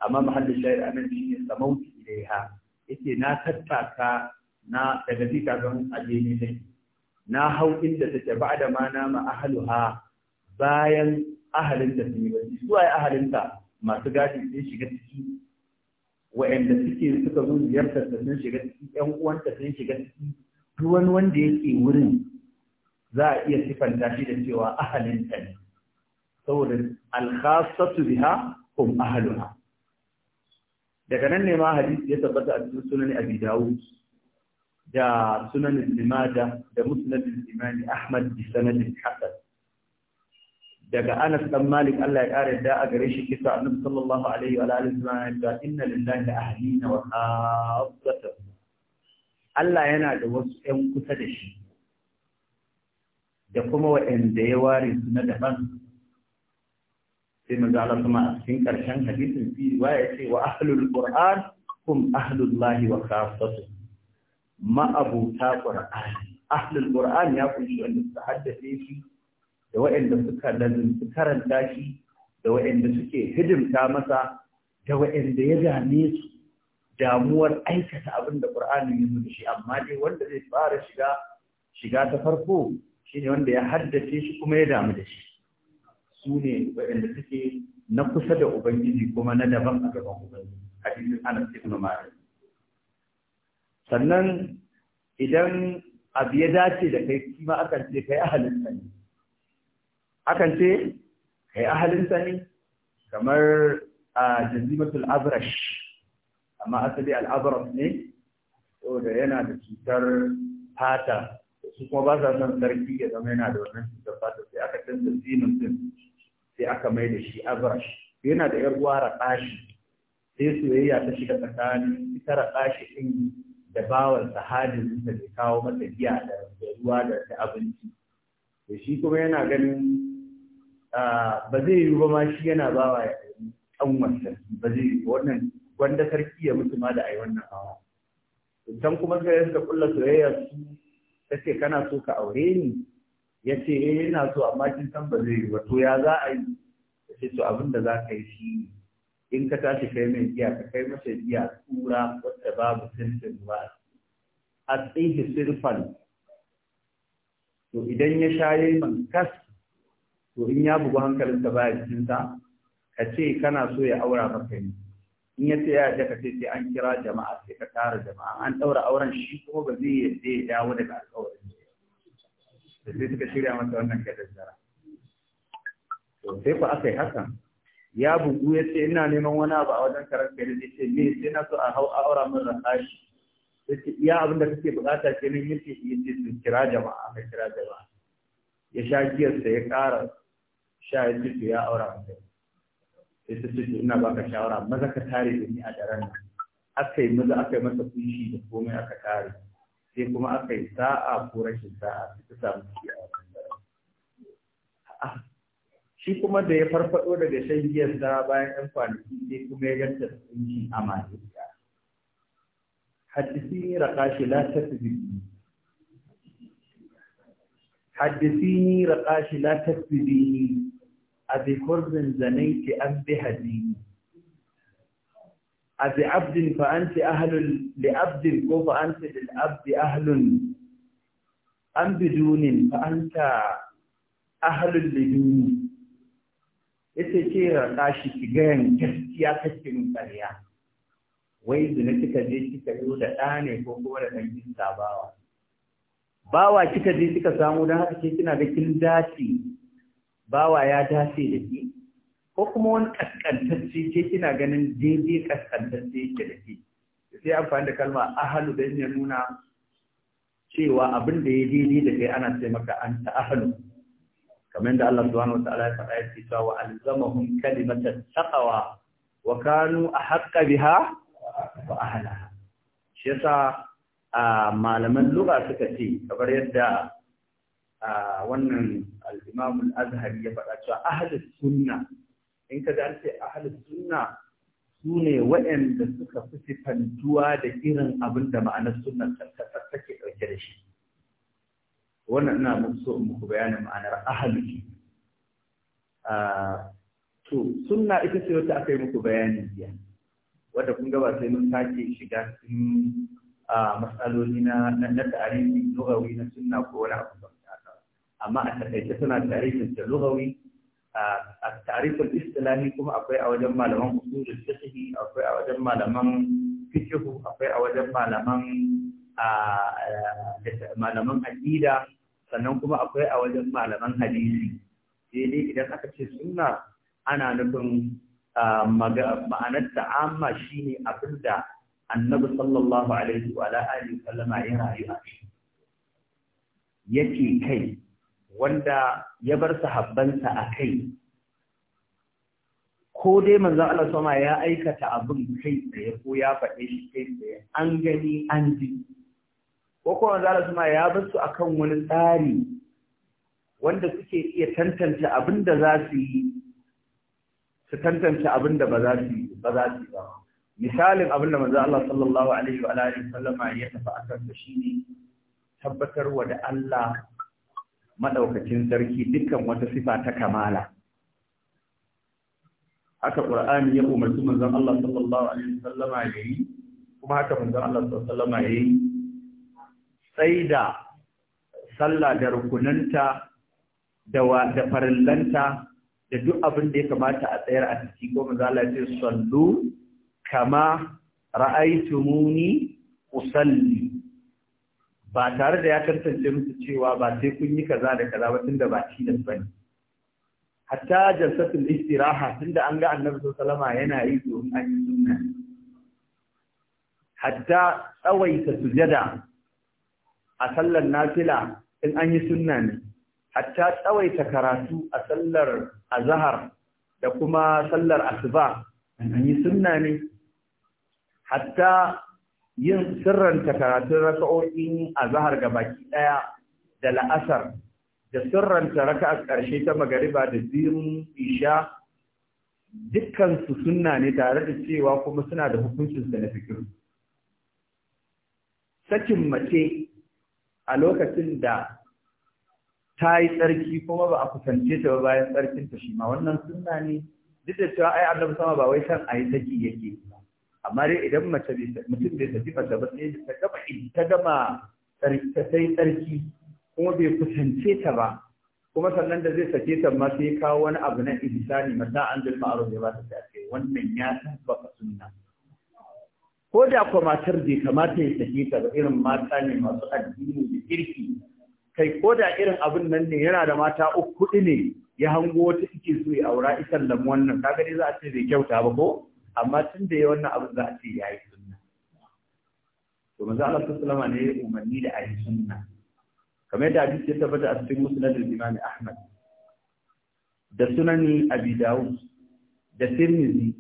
أما محل الشاعر أمن شيء سموت إليها إتي نا تتاكا نا تغذيكا كم inda نا هو إنت تتبعد ما نام أهلها bayan ahalinta sun yi bacci su waye ta masu gadi sun shiga ciki wa'anda suke suka zo ziyartar ta sun shiga ciki ƴan uwanta sun shiga ciki duk wani wanda yake wurin za a iya sifanta shi da cewa ahalin ta ne saboda alkhasatu biha hum ahaluha daga nan ne ma hadisi ya tabbata a cikin sunan abi dawud da sunan Ibn limada da musnad imam ahmad bi sanadin hasan daga anas dan malik Allah ya kare da a gare shi kisa annabi sallallahu alaihi wa alihi wasallam ya inna lillahi ahlina wa khassatan Allah yana da wasu ƴan kusa da shi da kuma waɗanda ya ware su na daban sai mu zala kuma a cikin ƙarshen hadisin fi ya ce wa ahlul qur'an kum ahlullahi wa khassatu ma'abuta qur'ani ahlul qur'an ya kunshi wanda su haddace shi da waɗanda suka karanta shi da waɗanda suke hidimta masa da waɗanda ya dame su damuwar aikata abin da qur'ani ya shi amma dai wanda zai fara shiga shiga ta farko shi ne wanda ya haddace shi kuma ya damu da shi su ne waɗanda suke na kusa da ubangiji kuma na daban a gaban ubangiji cikin ana ibn malik sannan idan abu ya dace da kai kima akan ce kai ahalin sani akan ce kai ahalin sani kamar a jazimatul abrash amma asali al-abrash ne saboda yana da cutar fata su kuma ba sa son sarki ya zama yana da wannan cutar fata sai aka canza zinin din sai aka mai da shi azrash yana da yar uwa raƙashi sai soyayya ta shiga tsakanin ita raƙashi din da bawar sahadin da ke kawo masa giya da ruwa da abinci da shi kuma yana ganin ba zai yi ba ma shi yana ba wa ɗan sarki ba zai yi wannan wanda sarki ya mutu da a yi wannan hawa can kuma sai suka kulla soyayya su ta ce kana so ka aure ni ya ce eh yana so amma kin san ba zai yi ba to ya za a yi ta ce to abin da za ka yi shi in ka tashi kai mai giya ka kai masa giya tura wadda babu sirfin ba a tsihi sirfan to idan ya shaye man kas to in ya bugu ba baya cikinsa ka ce kana so ya aura maka ni in ya ce ya yarda ka ce sai an kira jama'a sai ka tara jama'a an ɗaura auren shi kuma ba zai yarda ya dawo daga alƙawarin da sai suka shirya masa wannan kadaddara to sai ku aka yi hakan ya bugu ya ce ina neman wani abu a wajen karar kai da ce me sai na so a hau aura min rahashi sai iya abin da kake bukata ke nan yace yace su kira jama'a ka kira jama'a ya sha giyar ya ƙara sha ya ce ya aura min sai ta ce ina baka shawara maza ka tare da ni a daren nan aka yi maza aka yi masa kunshi da komai aka tare sai kuma aka yi sa'a ko rashin sa'a sai ta samu shi a wannan daren shi kuma da ya farfado daga shan da bayan ɗan kwanaki sai kuma ya ganta da kunshi a mahaifiya حدثيني رقاشي لا تكذبيني حدثيني رقاشي لا تكذبيني abi kurzin zanaiti an bi hadini abi abdin fa anti ahlul li abdin ko fa anti lil abdi ahlun an bidunin fa anta ahlul dunin. yace ce raka shi ki gayan gaskiya kake min ƙarya wai zina kika je kika yi da ɗa ne ko kuma da ɗan bawa bawa kika je kika samu don haka ke kina da kin dace bawa ya dace da shi ko kuma wani kaskantacce ke kina ganin daidai kaskantacce yake da shi sai amfani da kalma ahalu da ya nuna cewa abin da ya daidai da kai ana ce maka an ta ahalu kamar da Allah subhanahu wa ta'ala ya faɗa ya ce wa alzamahum kalimatan taqwa wa kanu ahqqa biha wa ahlaha shi yasa malaman lugha suka ce kamar yadda wannan al-Imam azhari ya faɗa cewa ahlus sunna in ka ga an ce ahlus sunna su ne suka fi sifantuwa da irin abin da ma'anar ɗauke da shi wannan ina so in ma'anar to sunna ita ce wata aka muku bayanin jiya wadda kun gaba sai mun sake shiga cikin matsaloli na na tarihi lugawi na sunna ko wani abu amma a takaice suna tarihin da lugawi a tarihin istilahi kuma akwai a wajen malaman usulul fiqh akwai a wajen malaman fiqh akwai a wajen malaman malaman aqida sannan kuma akwai a wajen malaman hadisi sai dai idan aka ce sunna ana nufin ma'anar ta'amma shine abinda annabi sallallahu alaihi wa alihi wa sallama ya rayu a yake kai wanda ya bar sahabbansa a kai ko dai manzon Allah sama ya aikata abin kai tsaye ko ya faɗe shi kai tsaye an gani an ji ko kuma manzon Allah sama ya bar su akan wani tsari wanda suke iya tantance abin da za su yi su tantance abin da ba za su yi ba za su yi ba misalin abin da manzo Allah sallallahu alaihi wa alihi sallama ya tafi akan da shine tabbatarwa da Allah maɗaukacin sarki dukkan wata sifa ta kamala haka ƙur'ani ya umarci manzon Allah sallallahu alaihi wasallama yayi kuma haka manzon Allah sallallahu alaihi wasallama yayi sai da sallah da rukunanta da da farillanta da duk abin da ya kamata a tsayar a ciki ko manzo Allah ya ce sallu kama ra'aytumuni usalli ba tare da ya tantance musu cewa ba sai kun yi kaza da kaza ba tunda ba tilas bane hatta jalsatul istiraha tunda an ga annabi sallama yana yi domin an yi sunna hatta tsawaita sujada a sallar nafila in an yi sunna ne hatta tsawaita karatu a sallar azhar da kuma sallar asuba in an yi sunna ne hatta yin sirranta karatun a zahar ga baki daya da la'asar da sirranta raka'a karshe ta magariba da zirin isha dukkan su sunna ne tare da cewa kuma suna da hukuncin da na fikir sakin mace a lokacin da ta yi tsarki kuma ba a kusance ta ba bayan tsarkin ta shi ma wannan sunna ne duk da cewa ai annabi sama ba wai san ayi saki yake ba amma dai idan mace mutum bai tafi mace ba sai ta gama ta gama tsarki tsarki kuma bai kusance ta ba kuma sannan da zai sake ta ma sai kawo wani abu na ihsani mata an dil ma'ruf ya ba ta sai wannan ya tabbata sunna ko da kuma matar bai kamata ya sake ta irin mata ne masu addini da kirki kai ko da irin abin nan ne yana da mata uku ne ya hango wata suke so ya aura isan lamu wannan kaga dai za a ce bai kyauta ba ko amma tun da ya wannan abin za a ce ya yi sunna to manzo Allah sallallahu alaihi ne ya umarni da a yi sunna kamar yadda hadisi ya tabbata a cikin musnad al-Imam Ahmad da sunani Abi Dawud da Tirmidhi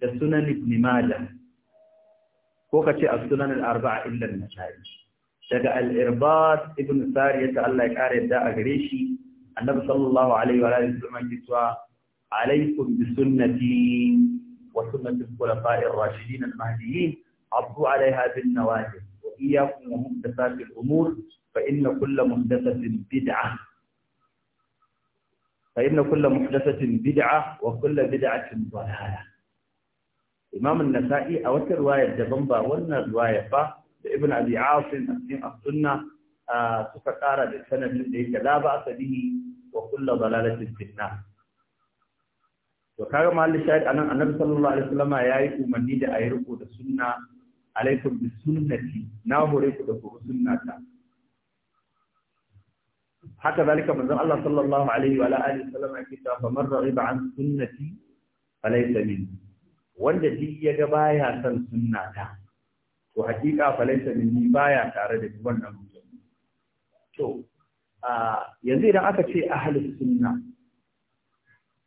da sunan Ibn Majah ko kace as-sunan al-arba'a illa an-Nasa'i daga al-Irbad ibn yadda Allah ya kare yadda a gare shi annabi sallallahu alaihi wa alihi wa ya ce alaikum bi sunnati وسنة الخلفاء الراشدين المهديين عضوا عليها بالنواجذ وإياكم ومحدثات الأمور فإن كل محدثة بدعة فإن كل محدثة بدعة وكل بدعة ضلالة إمام النسائي أو رواية جبنبا ولنا رواية فا لابن أبي عاصم أسلم السنة للسنة من ذلك لا بأس به وكل ضلالة في النار to kaga mahallin shahid anan annabi sallallahu alaihi wasallama yayi umarni da ayi riko da sunna alaikum bi sunnati na hore ku da ku sunnata haka zalika manzon Allah sallallahu alaihi wa alihi wasallama yake cewa faman raghiba an sunnati falaysa minni wanda duk ya ga baya son sunnata to hakika falaysa minni baya tare da wannan mutum to yanzu idan aka ce ahlus sunna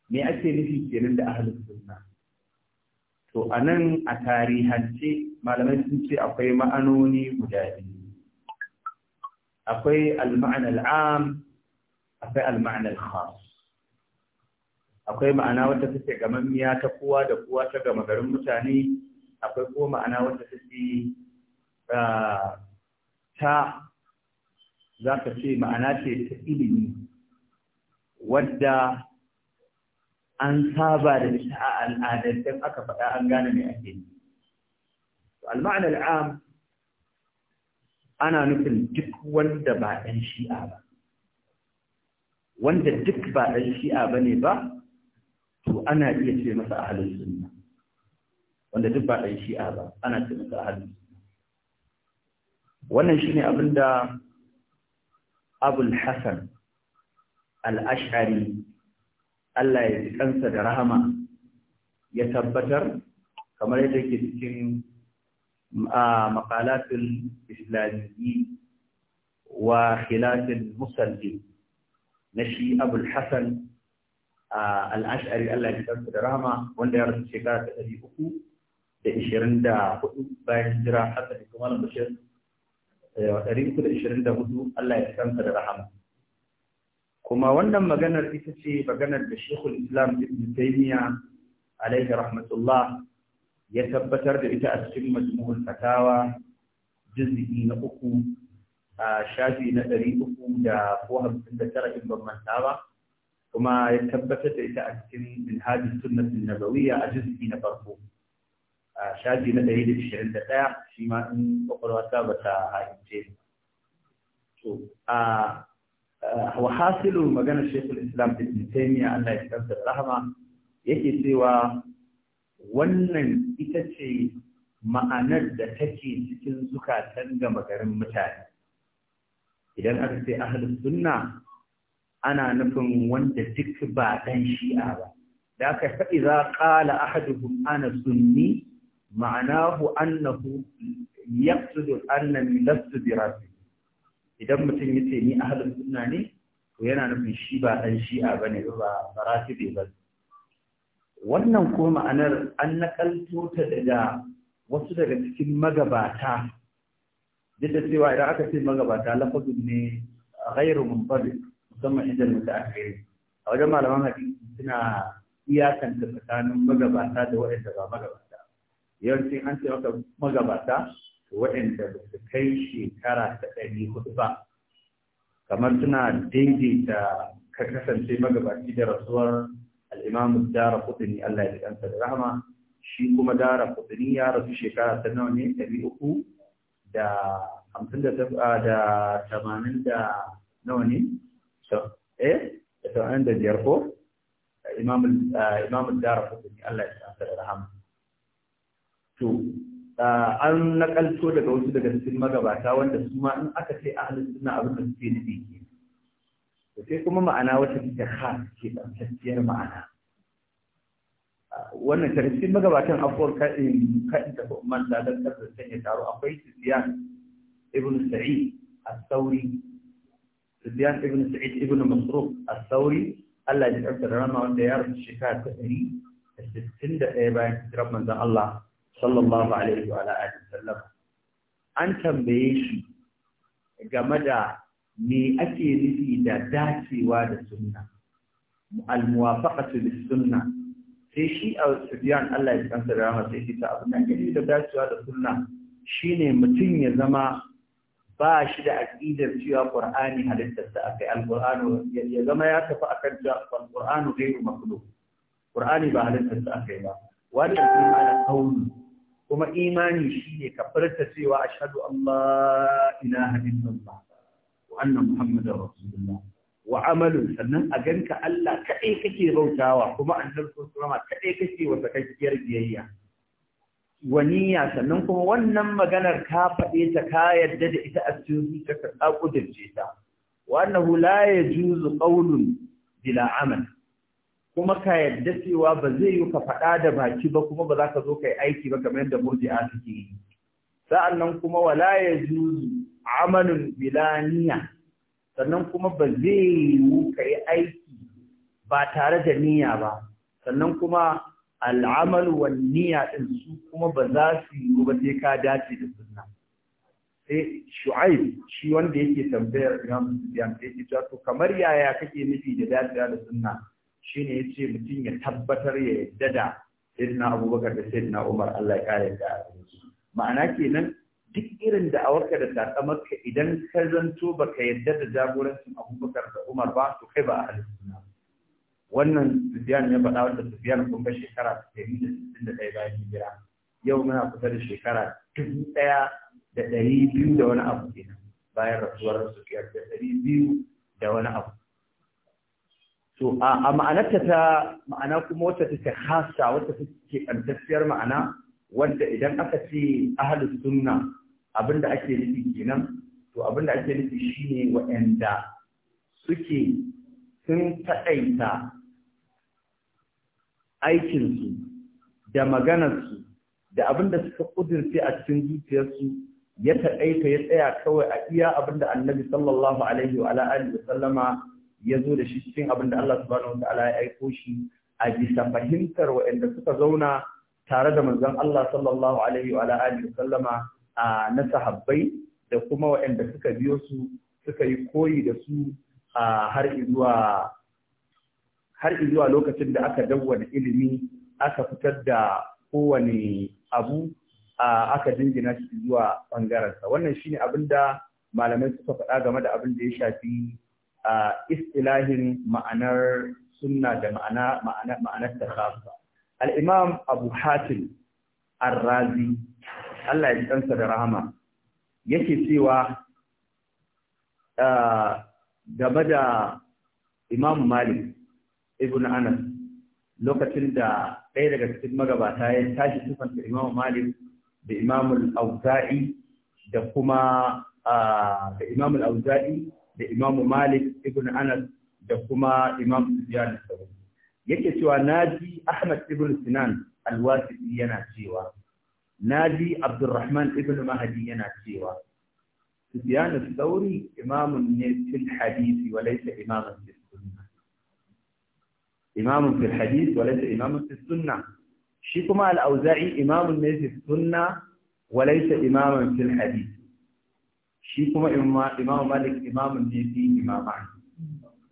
me ake nufi kenan da ahlus sunna to anan a tarihance malamai sun ce akwai ma'anoni guda biyu akwai al-ma'ana al akwai al-ma'ana al-khas akwai ma'ana wadda take miya ta kowa da kowa ta gama garin mutane akwai kuma ma'ana wadda take ta za ka ce ma'ana ce ta ilimi wadda an saba da shi a al'adar al'adantan aka faɗa an gane mai ake yi. Al-ma'ana al'am ana nufin duk wanda ba ɗan shi'a ba. Wanda duk ba ɗan shi'a ba ne ba, to ana iya ce masa a halin sunna. Wanda duk ba ɗan shi'a ba, ana ce masa a halin sunna. Wannan shi ne abin da Abul Hassan al-Ash'ari Allah ya ji kansa da rahama ya tabbatar kamar yadda ke cikin makalatin islamiyyi wa khilatul musalli na shi abul hasan al'ashari Allah ya kansa da rahama wanda ya rasu shekara ta ɗari uku da ishirin da hudu bayan jira hasa da kuma bashir eh, ɗari uku da ishirin da hudu Allah ya kansa da rahama kuma wannan maganar ita ce maganar da shekul islam ibn taymiya alaihi rahmatullah ya tabbatar da ita a cikin majmu'ul fatawa juz'i na uku a shafi na ɗari uku da ko hamsin da tara in ban manta ba kuma ya tabbatar da ita a cikin minhajus sunnatin nabawiyya a juz'i na farko a shafi na ɗari da ishirin da ɗaya shi ma in kwakwalwa ta bata haince to a wa hasilu magana shekul islam ibn taymiya Allah ya karsa rahama yake cewa wannan ita ce ma'anar da take cikin zukatan gama garin mutane idan aka ce ahlus sunna ana nufin wanda duk ba dan shi'a ba da aka faɗi za ƙala ahadu ana sunni ma'anahu annahu yaqsudu annani lastu bi idan mutum ya ce ni halin sunna ne to yana nufin shi ba ɗan shi'a ba ne ba maratibe ba wannan ko ma'anar an nakalto ta daga wasu daga cikin magabata duk da cewa idan aka ce magabata lafazin ne ghairu munfarid musamman idan mutaakhiri a wajen malaman hadisi suna iyakanta tsakanin magabata da waɗanda ba magabata yawancin an ce maka magabata waɗanda ba su kai shekara ta ɗari hudu ba kamar suna daidaita ka kasance magabaci da rasuwar al'imamu dara kudini Allah ya ji kansa da rahama shi kuma dara kudini ya rasu shekara ta nawa ne ɗari uku da hamsin da da tamanin da nawa ne eh da tamanin da biyar ko imamu dara kudini Allah ya ji kansa da rahama to Ah, an nakalto daga wasu daga cikin magabata wanda su ma in aka sai ahalin suna abin da suke nufi ke to sai kuma ma'ana wata take ha ke tsantsiyar ma'ana ah, wannan ta cikin magabatan afuwar kaɗin kaɗin da Umar da dan da ya taro akwai Sufyan ibn Sa'id as-Sauri Sufyan ibn Sa'id ibn Masruq as-Sauri Allah ya karɓa da rama wanda ya rasu shekara ta ɗari da ɗaya bayan hijirar manzon Allah sallallahu alaihi wa alihi sallam an tambaye shi game da me ake nufi da dacewa da sunna al-muwafaqatu lis-sunnah sai shi a Sufiyan Allah ya kansa da rahama sai fita abin da ake da dacewa da sunna shine mutum ya zama ba shi da aqidar cewa Qur'ani halittar sa akai al-Qur'anu ya zama ya tafi akan cewa al-Qur'anu ghayru makhluq Qur'ani ba halittar sa akai ba wani kuma ala kauni. kuma imani shine ka farta cewa ashhadu Allah ilaha illallah wa anna Muhammadu rasulullah wa amalu sannan a ganka Allah Kaɗai kake bautawa kuma annabi sallallahu alaihi kaɗai kake wata kakkiyar biyayya Waniya sannan kuma wannan maganar ka faɗe ta ka yarda da ita a cikin ka ka kudirce ta wa annahu la yajuzu qawlun bila amal kuma ka yarda cewa ba zai yi ka faɗa da baki ba kuma ba za ka zo ka yi aiki ba kamar yadda a suke yi sa'annan kuma wala ya juzu amalin bilaniya sannan kuma ba zai yi ka yi aiki ba tare da niyya ba sannan kuma al'amal wa niyya din su kuma ba za su yi ba sai ka dace da sunna sai shu'aib shi wanda yake tambayar imam da sai ya to kamar yaya kake nufi da dace da sunna shine ce mutum ya tabbatar ya yadda da sayyidina Abubakar da sayyidina Umar Allah ya kare su ma'ana kenan duk irin da awarka da tsatsamarka idan ka zanto baka yadda da jagorancin Abubakar da Umar ba to kai ba a sunna wannan Sufyan ya faɗa wanda Sufyan kun ga shekara 161 bayan hijira yau muna kusa da shekara 1200 da wani abu kenan bayan rasuwar Sufyan da 200 da wani abu so a ma'anarta ta ma'ana kuma wacce take hasa wacce take kantacciyar ma'ana wanda idan aka ce ahlus sunna abinda ake nufi kenan to abinda ake nufi shine waɗanda suke sun taɗaita aikinsu da maganarsu da abinda suka ƙudurce a cikin zuciyarsu ya taɗaita ya tsaya kawai a iya abinda annabi sallallahu alaihi wa alihi wa sallama ya zo da shi cikin abin da Allah subhanahu wa ta'ala ya aiko shi a bisa fahimtar waɗanda suka zauna tare da manzon Allah sallallahu alaihi wa alihi wa sallama na sahabbai da kuma waɗanda suka biyo su suka yi koyi da su har zuwa har zuwa lokacin da aka dawwana ilimi aka fitar da kowane abu a aka jingina shi zuwa ɓangarensa wannan shine abin malamai suka faɗa game da abin da ya shafi istilahin ma'anar sunna da ma'ana ma'anar ta alimam al-imam abu hatim ar-razi Allah ya ɗansa da rahama yake cewa game da imam malik ibn anas lokacin da ɗaya daga cikin magabata ya tashi sifanta imam malik da imam al-auza'i da kuma da imam al da Imam Malik ibn Anas da kuma Imam Sufyan al yake cewa naji Ahmad ibn Sinan al-Wasiti yana cewa naji Abdurrahman ibn Mahdi yana cewa Sufyan al-Thawri imamun ne fil hadisi wa laysa imaman fil sunnah imamun fil hadisi wa laysa imaman fil sunnah shi kuma al-Auza'i imamun ne fil sunnah wa laysa imaman fil hadisi shi kuma imam malik imamun ne fi imama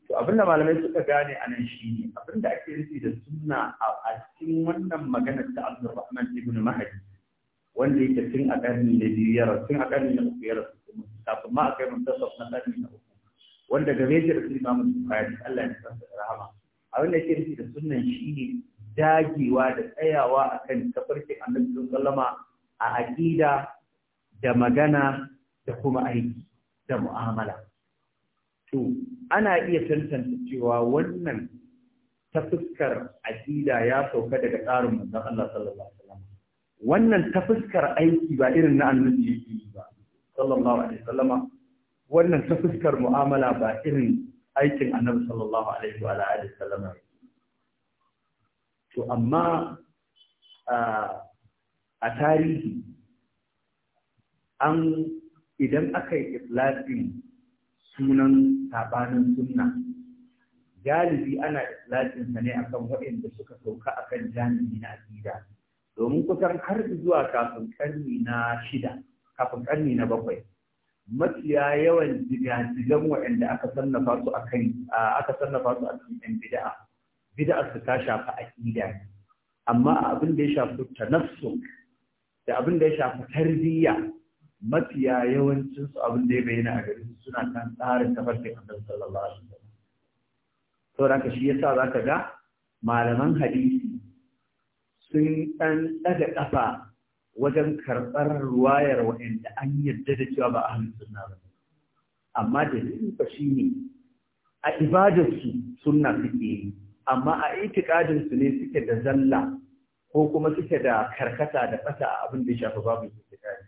to abinda malamai suka gane a nan shi ne abinda ake nufi da sunna a cikin wannan maganar ta abdurrahman ibn mahdi wanda yake tun a karni na biyar tun a karni na uku ya rasu kafin ma a kai muntasaf na karni na uku wanda game da rasu imamun bukhari Allah ya san da rahama abinda yake nufi da sunnan shi ne dagewa da tsayawa akan tafarkin annabi sallallahu alaihi wasallama a aqida da magana da kuma aiki da mu'amala to ana iya tantance cewa wannan ta fuskar aƙida ya sauka daga tsarin manzon Allah sallallahu alaihi wasallam wannan ta fuskar aiki ba irin na annabi yake yi ba sallallahu alaihi wasallam wannan ta fuskar mu'amala ba irin aikin annabi sallallahu alaihi wa alihi wasallam to amma a tarihi an idan aka yi islafin sunan sabanin sunna galibi ana islafin sa ne akan waɗanda suka sauka akan jami'i na akida domin kusan har zuwa kafin karni na shida kafin karni na bakwai mafiya yawan jigan waɗanda aka sannafa su akan aka sannafa su a cikin bid'a bid'a su ta shafi akida amma abin da ya shafi tanassuk da abin da ya shafi tarbiyya mafiya yawancin su abin da ya bayyana a gari suna kan tsarin tafarkin kan sallallahu alaihi wasallam to ranka shi yasa zaka ga malaman hadisi sun dan daga kafa wajen karɓar ruwayar wanda an yarda da cewa ba a hannun sunna ba amma da ba shi ne a ibadarsu sunna suke yi amma a itikadinsu ne suke da zalla ko kuma suke da karkata da fata abin da ya shafi babu itikadi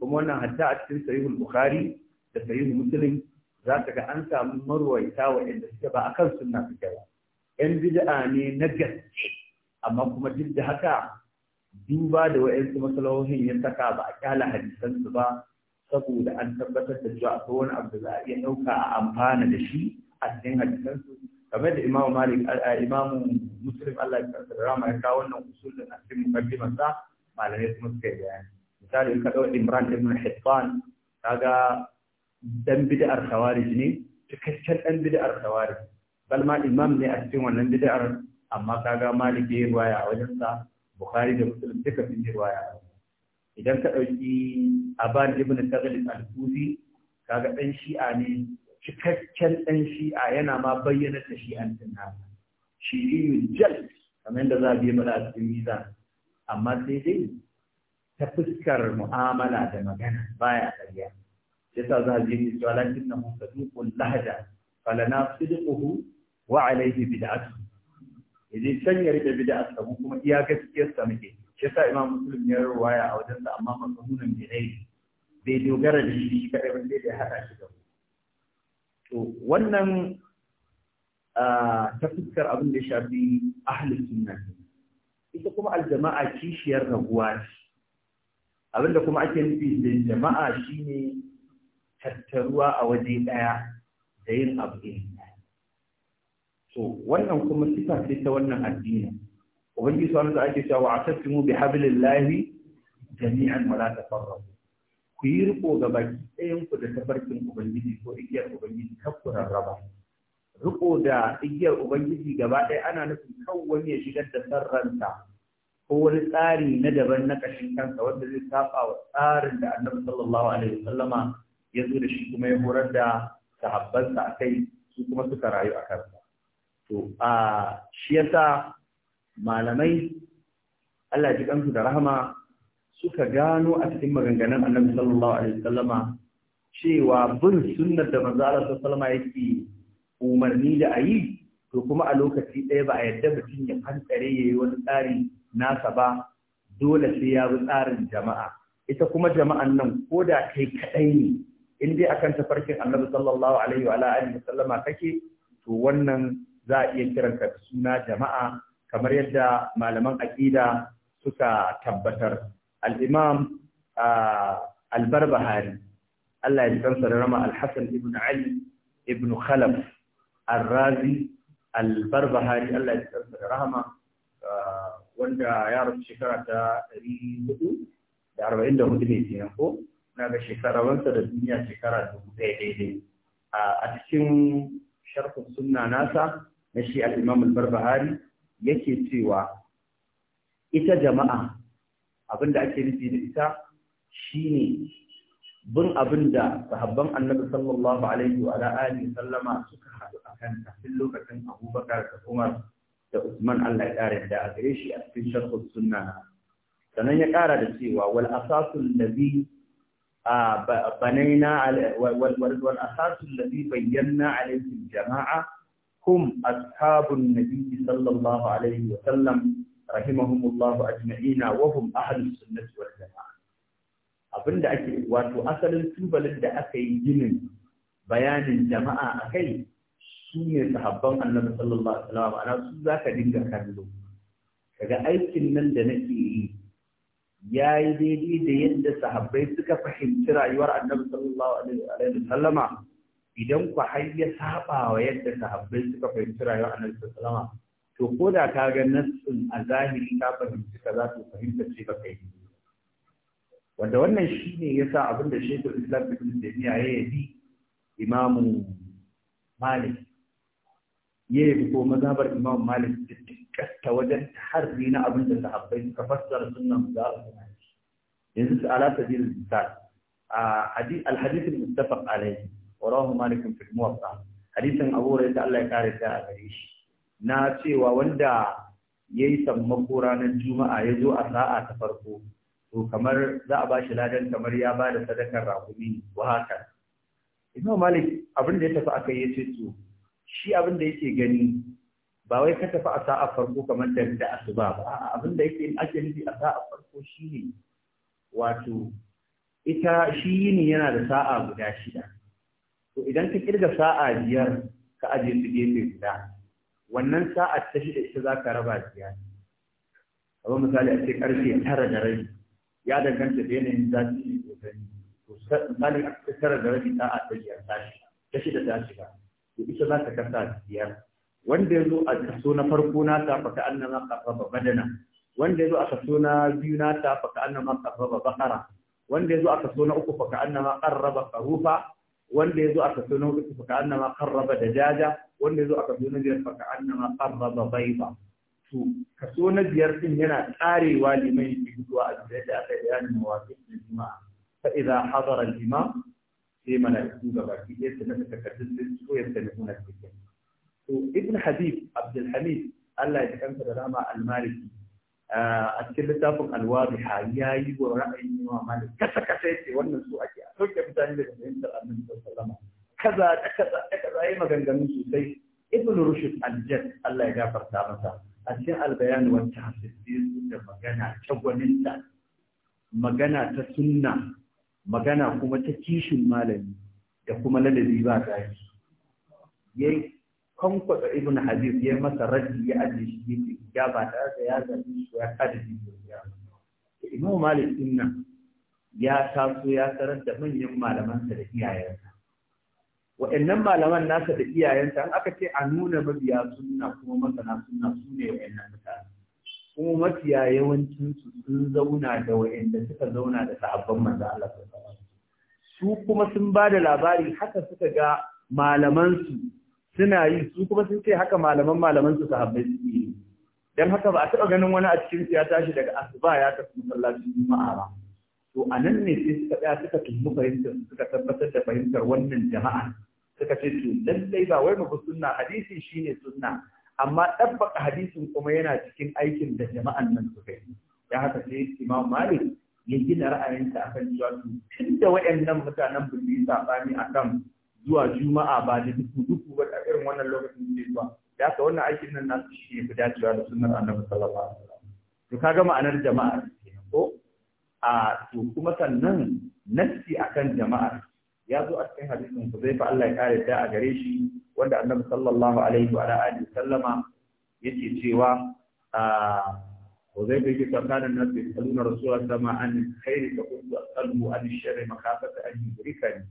kuma wannan hatta a cikin sahihul bukhari da sahihul muslim za ka ga an samu marwaita waɗanda suke ba akan sunna suke ba yan bid'a ne na gaske amma kuma duk da haka duba da waɗansu masalahohin ya saka ba a kyala hadisan su ba saboda an tabbatar da cewa akwai wani abu da za a iya ɗauka a amfana da shi a cikin hadisan su kamar da imamu malik imamu muslim Allah ya karɓi rama kawo wannan usul da na cikin masa malamai kuma suka yi bayani misali in ka ɗau imran ibn hittan kaga dan bid'ar khawarij ne cikakken dan bid'ar khawarij bal ma imam ne a cikin wannan bid'ar amma kaga maliki riwaya a wajen sa bukhari da muslim duka sun yi riwaya idan ka ɗauki aban ibn taghlib al-kufi kaga dan shi'a ne cikakken ɗan shi'a yana ma bayyana da shi'ancin nasa shi iyun jal kamar yadda za a biya mana a cikin miza amma sai dai ta fuskar mu'amala da magana baya ƙarya yasa za a je ni cewa lakin na mun sadiqul lahja falana sidquhu wa alayhi bid'atu idan san ya rike bid'a sabu kuma iya gaskiyar sa muke yasa imam muslim ya ruwaya a wajen sa amma masahunan bidai bai dogara da shi kadai ba sai da shi da to wannan ta fuskar abin da ya shafi ahlus sunna ita kuma aljama'a kishiyar raguwa ce Abin da kuma ake nufi da jama'a shine tattaruwa a waje ɗaya da yin abu ɗaya so wannan kuma sifa ce ta wannan addini ubangiji sallallahu alaihi ake cewa wa'tasimu bihablillahi jami'an wala tafarraqu ku yi riƙo ga baki ɗayan ku da tafarkin ubangiji ko igiyar ubangiji kar ku rarraba Riƙo da igiyar ubangiji gaba ɗaya ana nufin kawai wani ya shigar da sarranta ko wani tsari na daban na kashin kansa wanda zai saba wa tsarin da annabi sallallahu alaihi wasallama ya zo da shi kuma ya horar da sahabbansa a kai su kuma suka rayu a kansa to a shi yasa malamai Allah ji kansu da rahama suka gano a cikin maganganun annabi sallallahu alaihi wasallama cewa bin sunnar da manzo Allah sallallahu alaihi yake umarni da ayi to kuma a lokaci ɗaya ba a yadda mutum ya ya yayi wani tsari nasa ba dole sai ya bi tsarin jama'a ita kuma jama'an nan ko da kai kaɗai ne in dai akan tafarkin annabi sallallahu alaihi wa alihi wasallama kake to wannan za a iya kiran da suna jama'a kamar yadda malaman aqida suka tabbatar al-imam al-barbahari Allah ya san sarrama al-hasan ibn ali ibn khalaf al-razi al-barbahari Allah ya san sarrama wanda ya rasu shekara ta ɗari hudu da arba'in da hudu ne kenan ko na ga shekara wansa da duniya shekara dubu ɗaya daidai a cikin sharhun sunna nasa na shi al'imam al-barbahari yake cewa ita jama'a abinda ake nufi da ita shine bin abinda da sahabban annabi sallallahu alaihi wa alihi sallama suka haɗu a kan kafin lokacin abubakar da umar da Usman Allah ya ƙara da a gare shi a cikin sharhus sunna sannan ya ƙara da cewa wal asasul ladhi banaina wal asasul ladhi bayyana alayhi jama'a hum ashabun nabi sallallahu alaihi wa sallam rahimahumullahu ajma'ina wa hum ahlus sunnati wal jama'a abinda ake wato asalin tubalin da aka yi ginin bayanin jama'a akai su ne sahabban annabi sallallahu alaihi wasallam ana su zaka dinga kallo kaga aikin nan da nake yi yayi daidai da yadda sahabbai suka fahimci rayuwar annabi sallallahu alaihi wasallama idan ku har ya saba wa yadda sahabbai suka fahimci rayuwar annabi sallallahu alaihi wasallama to ko da ka ga nassin a zahiri ka fahimci za ka fahimta ce ka kai wanda wannan shine yasa abinda Sheikhul Islam Ibn Taymiyyah ya yi imamu Malik ya yi ko mazhabar imam malik ta wajen harbi na abin da sahabbai suka fassara sunan za a yanzu su ala sabil misal الحديث المتفق عليه وراه مالك في الموطأ حديث أبو هريرة الله shi. Na cewa wanda ya yi sammako ranar juma'a ya zo a sa'a ta farko to kamar za a ba shi ladan kamar ya ba da sadakar rakumi wa haka imam malik abin da ya tafi aka yi ce to shi abin da yake gani ba wai ka tafi a sa'a farko kamar da da asuba ba A abin da yake ake nufi a sa'a farko shine wato ita shi yini yana da sa'a guda shida to idan ka kirga sa'a biyar ka aje su gefe guda wannan sa'a ta shida ita za ka raba biyar kamar misali a ce karfe tara da rabi ya danganta da yanayin zafi ne ko gani to misalin a tara da rabi sa'a ta biyar ta shida ta shida ta shiga to ita za ka kasa biyar wanda ya zo a kaso na farko na ta faka an nama karraba madana wanda ya zo a kaso na biyu na ta faka an nama karraba bakara wanda ya zo a kaso na uku faka an nama karraba karufa wanda ya zo a kaso na hudu faka an nama karraba dajaja wanda ya zo a kaso na biyar faka an nama karraba baiba to kaso na biyar din yana karewa liman yake fitowa a da aka yi bayanin mawaƙi na jima'a fa idza hadara al-imam sai mala'iku ga baki ɗaya su nada takardun sun so ya sami kuna cikin to ibn habib abdulhamid Allah ya ji kansa da rama almaliki ah, a cikin littafin alwadiha ya yi wa ra'ayin imam malik kasa kasa yace wannan su ake a sauke mutane daga fahimtar annabi sallallahu kaza da kaza da kaza yayi maganganu sosai ibn rushd al-jadd Allah ya gafarta masa a cikin albayan wa tahsis da magana ta magana ta sunna magana kuma ta kishin malami da kuma ladabi ba tsari yayi kankwata ibn hadis ya masa raddi ya ajiye shi ne ya ba tare da ya zabi shi ya kada shi ya imamu malik din nan ya taso ya tarar da manyan malamansa da iyayensa wa'annan malaman nasa da iyayensa aka ce a nuna mabiya sunna kuma masana sunna su ne wa'annan mutane kuma mafiya yawancin su sun zauna da wa'anda suka zauna da sahabban manzo Allah sallallahu alaihi su kuma sun ba da labari haka suka ga malaman su suna yi su kuma sun ce haka malaman malaman su sahabbai su yi dan haka ba a taba ganin wani a cikin ya tashi daga asuba ya tafi masallacin juma'a ba to a nan ne sai suka tsaya suka tumbu fahimtar suka tabbatar da fahimtar wannan jama'a suka ce to lallai ba wai mu sunna hadisi shine sunna amma ɗabbaka hadisin kuma yana cikin aikin da jama'an nan suka yi ya haka sai imam malik ya gina ra'ayinsa akan cewa tun da waɗannan mutanen ba su yi saɓani akan zuwa juma'a ba da duku duku ba a irin wannan lokacin da zuwa ya haka wannan aikin nan nasu shi ne fi dacewa da sunnar annabi sallallahu alaihi wasallam to kaga ma'anar jama'a ko a to kuma sannan nassi akan jama'a ya zo a cikin hadisin ku zai fa Allah ya kare da a gare shi wanda annabi sallallahu alaihi wa alihi sallama yake cewa وزي بيجي كان الناس يسألون الرسول صلى الله عليه وسلم عن الخير فقلت أسأله عن الشر مخافة أن يدركني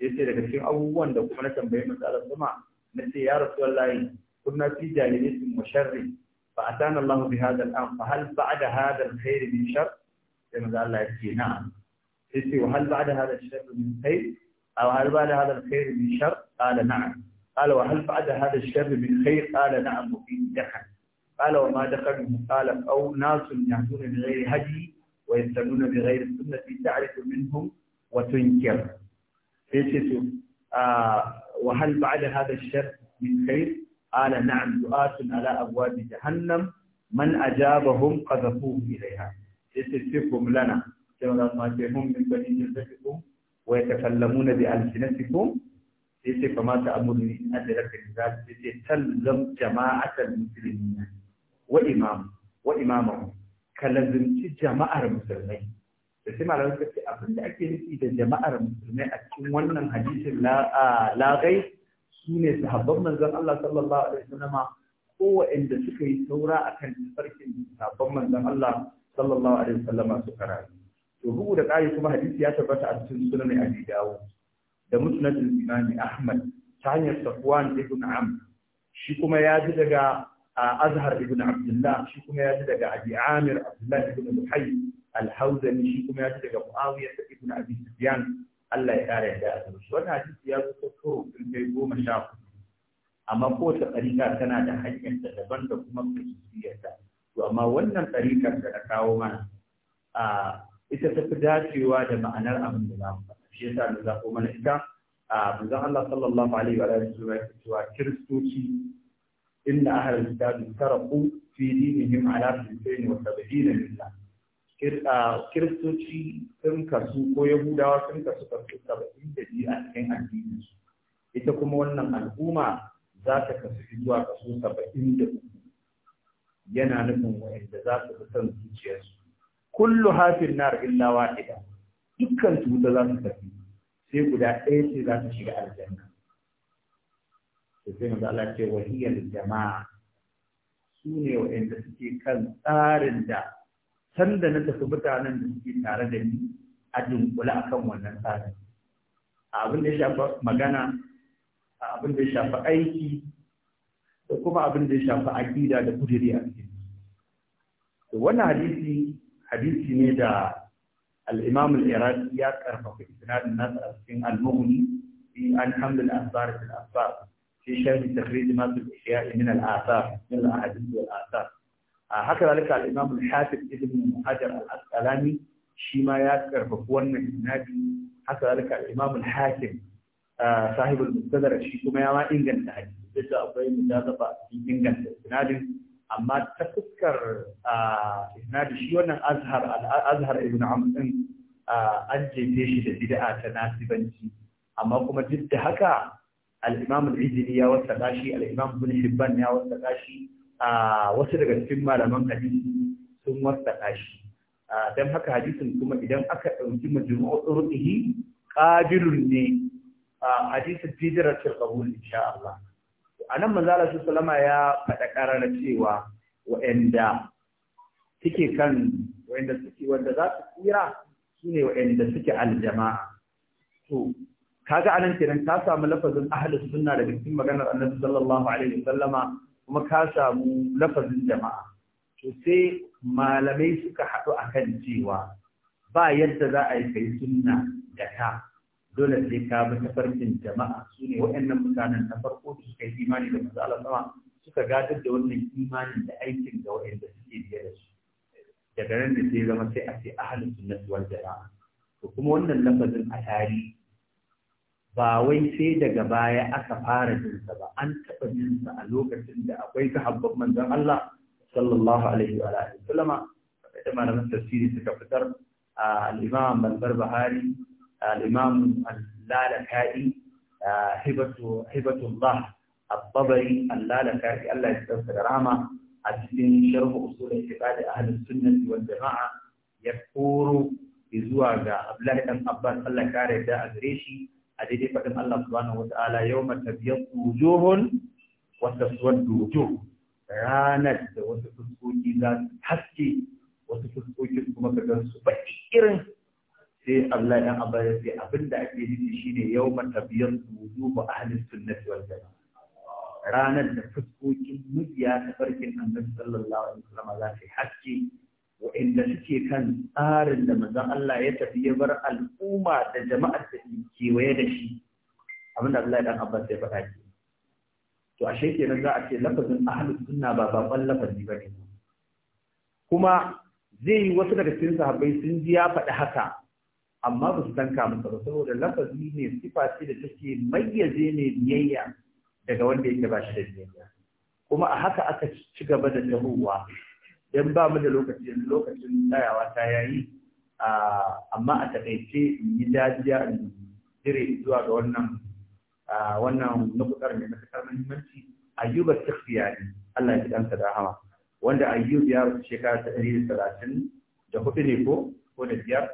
yace daga cikin abubuwan da kuma na tambayi matsalar sama na ce ya rasulullahi kunna fi jahiliyatin wa sharri fa atana Allah bi hadha al-am fa hal ba'da hadha al-khair min shar sai manzo Allah ya ce na'am yace wa hal ba'da hadha al-shar min khair aw hal ba'da hadha al-khair min shar qala na'am قال وهل بعد هذا الشر من خير قال نعم وفي دخل قال وما من قال أو ناس يهدون بغير هدي ويبتدون بغير السنة تعرف منهم وتنكر إيش آه، وهل بعد هذا الشر من خير قال نعم دعاة على أبواب جهنم من أجابهم قذفوه إليها يسفكم لنا كما هم من بني جلدتكم ويتكلمون بألسنتكم sai ce kamata amurni adraka zalika sai ce talzam jama'atal muslimin wa imam wa imamahu kalazimci jama'ar musulmai da sai malamai suka ce abin da ake nufi da jama'ar musulmai a cikin wannan hadisin lagai su ne sahabban manzon Allah sallallahu alaihi wasallama ko waɗanda suka yi saura akan tafarkin sahabban manzon Allah sallallahu alaihi wasallama su rayu to bugu da ƙari kuma hadisi ya tabbata a cikin sunan Abi Dawud da musnad imami Ahmad ta hanyar Safwan ibn am shi kuma ya ji daga Azhar ibn Abdullah shi kuma ya ji daga Abi Amir Abdullah ibn muhayy al-Hawzani shi kuma ya ji daga Muawiya ibn Abi Sufyan Allah ya kare da azumi wannan hadisi ya zo ko in kai goma sha amma amma kowace tarika tana da hanyar da daban da kuma ta. to amma wannan ɗarikar da ta kawo mana ita ta fi dacewa da ma'anar abin da za mu faɗa shi yasa da zaɓo mana ita a manzon Allah sallallahu alaihi wa alihi wa cewa kiristoci inna ahlul kitab taraku fi dinihim ala 72 kiristoci sun kasu ko yahudawa sun kasu kasu 72 a cikin addinin su ita kuma wannan al'umma za ta kasu zuwa kaso 73 yana nufin wa'anda za su fi son zuciyarsu kullu hafin nar illa wahida dukkan su wuta za su tafi sai guda ɗaya sai za su shiga aljanna to sai mu Allah ce wahiyar jama'a su ne inda suke kan tsarin da sanda na tafi mutanen da suke tare da ni a dunkula akan wannan tsarin abin da ya shafa magana abin da ya shafa aiki da kuma abin da ya shafa aƙida da kudiri a cikin wannan hadisi hadisi ne da الإمام العراقي يكره في إسناد الناس في المغني في عن حمل في الأخبار في شهر تخريج ما في الإحياء من الآثار من الأحاديث والآثار آه، لك الإمام الحاسب ابن حجر العسقلاني شيما يكره فوان إسناد لك الإمام الحاكم آه، صاحب المستدرك شيكما يما إنجن تحديث في إنجن إسناد amma ta fuskar da shi wannan azhar azhar ibn amr din an jefe shi da bid'a ta nasibanci amma kuma duk da haka al-imam al ya wasaka shi al-imam ibn hibban ya wasaka shi wasu daga cikin malaman hadisi sun wasaka shi dan haka hadisin kuma idan aka dauki majmu'u turqihi qadirun ne hadisin fidratul qabul insha Allah a nan manzala su salama ya faɗa ƙarar cewa wa'anda suke kan wa'anda suke wanda za su tsira su ne wa'anda suke aljama'a to kaga anan kenan ka samu lafazin ahlus sunna daga cikin maganar annabi sallallahu alaihi wasallama kuma ka samu lafazin jama'a to sai malamai suka haɗu akan cewa ba yadda za a yi kai sunna da ta dole sai ka bi tafarkin jama'a su ne waɗannan mutanen na farko da suka yi imani da manzo sama suka gadar da wannan imanin da aikin ga waɗanda suke biye da su daga nan da sai zama sai a ce ahlus sunnati wal jama'a to kuma wannan lafazin a tari. ba wai sai daga baya aka fara jinsa ba an taɓa jinsa a lokacin da akwai sahabban manzon Allah sallallahu alaihi wa alihi sallama da malaman tafsiri suka fitar al-Imam Balbar Bahari الإمام اللالكائي هبة هبة الله الطبري اللالكائي الله يستغفر رحمه أجل شرح أصول اعتقاد أهل السنة والجماعة يكفور zuwa ga Abdullahi dan Abbas Allah kare da a gare shi a daidai fadin Allah subhanahu wataala yawma tabyatu wujuhun wa taswaddu dojo ranar da wasu fuskoki za su haske wasu fuskoki kuma ka gan su baki irin sai Allah ya abaya sai abinda ake nufi shine yawma tabiyyan ba ahli sunnati wal jamaa ranar da fuskokin mujiya ta farkin annabi sallallahu alaihi wasallam za su haske inda suke kan tsarin da manzon Allah ya tafi ya bar al'umma da jama'ar da kewaye da shi abinda Allah dan Abbas sai faɗa ke to ashe kenan za a ce lafazin ahlus sunna ba baban lafazi ba ne kuma zai yi wasu daga cikin sahabbai sun ji ya faɗi haka amma ba su tanka masa ba saboda lafazi ne sifa ce da take mayyaje ne biyayya daga wanda yake ba shi da biyayya kuma a haka aka ci gaba da tahowa dan ba mu da lokacin lokacin tsayawa ta yayi amma a in yi dajiya in dire zuwa ga wannan wannan nukutar mai matuƙar muhimmanci ayyuba tafiya Allah ya ji da hama wanda ayyub ya shekara ta ɗari da talatin da hudu ne ko ko da biyar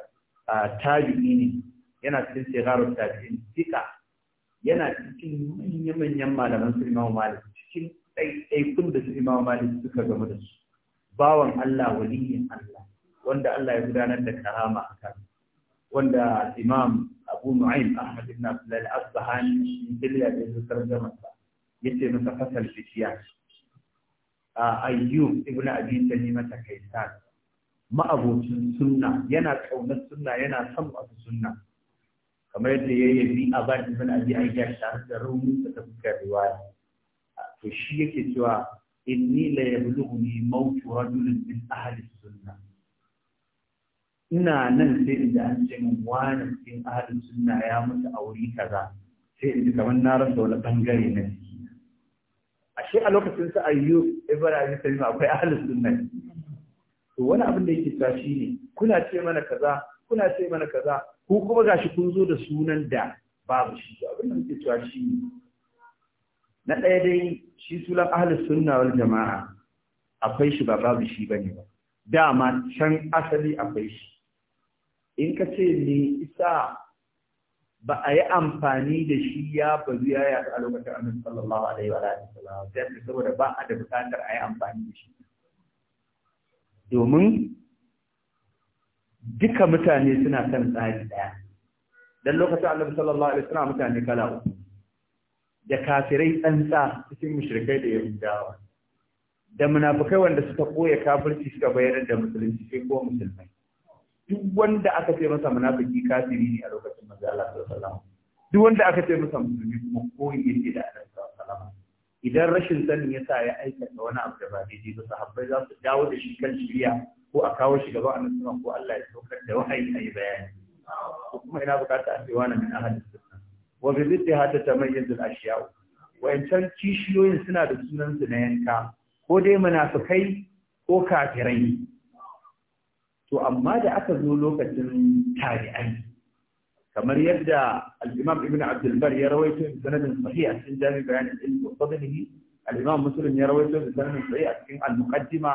tabi'i ne yana cikin sigarar tabi'in duka yana cikin manya-manyan malaman su imamu malik cikin ɗaiɗaikun da su imamu malik suka gamu da su bawan Allah waliyin Allah wanda Allah ya gudanar da karama a kan wanda imam abu nu'aym ahmad ibn abdullahi asbahani bilya da A tarjama yace masa fasal a ayyub ibn abi salima ta kaisan ma'abocin sunna yana ƙaunar sunna yana son masu sunna kamar yadda ya yi a ban ibn abi ayyar shar da raunin da ta fuskar riwaya to shi yake cewa inni la yablughuni mautu rajulin min ahli sunna ina nan sai in da an ce min wani cikin ahli sunna ya mutu a wuri kaza sai in ji kamar na rasa wani bangare na jiki ashe a lokacin sa ayyu ibrahim sai akwai ahli sunna to wani abin da yake sa ne kuna ce mana kaza kuna ce mana kaza ku kuma gashi kun zo da sunan da babu shi to abin da yake tashi ne na ɗaya dai shi sunan ahli sunna wal jama'a akwai shi ba babu shi bane ba dama can asali akwai shi in ka ce me isa ba a yi amfani da shi ya bazu ya yi a lokacin annabi sallallahu alaihi wa alihi wasallam saboda ba a da buƙatar a yi amfani da shi domin duka mutane suna kan tsari daya dan lokacin annabi sallallahu alaihi wasallam mutane kala uku da kafirai tsantsa cikin mushrikai da yahudawa da munafikai wanda suka koya kafirci suka bayar da musulunci sai ko musulmai duk wanda aka ce masa munafiki kafiri ne a lokacin manzo Allah sallallahu alaihi wasallam duk wanda aka ce masa musulmi kuma koyi yake da annabi sallallahu alaihi wasallam idan rashin sanin ya sa ya aikata wani abu da ba daidai ba sahabbai za su dawo da shi kan shirya ko a kawo shi gaba a nasarar ko Allah ya saukar da wahayi a yi bayani ko kuma ina bukata a ce wani min ahalin sunna wa bi ziddiha tatamayyazul ashiya'u wa'ancan kishiyoyin suna da sunan su na yanka ko dai munafukai ko kafirai to amma da aka zo lokacin tari'ai. kamar yadda al-imam ibn abd al-bar ya rawaito bi sanadin sahih a cikin jami'in bayan al-ilm wa fadlihi al-imam muslim ya rawaito bi sanadin sahih a cikin al-muqaddima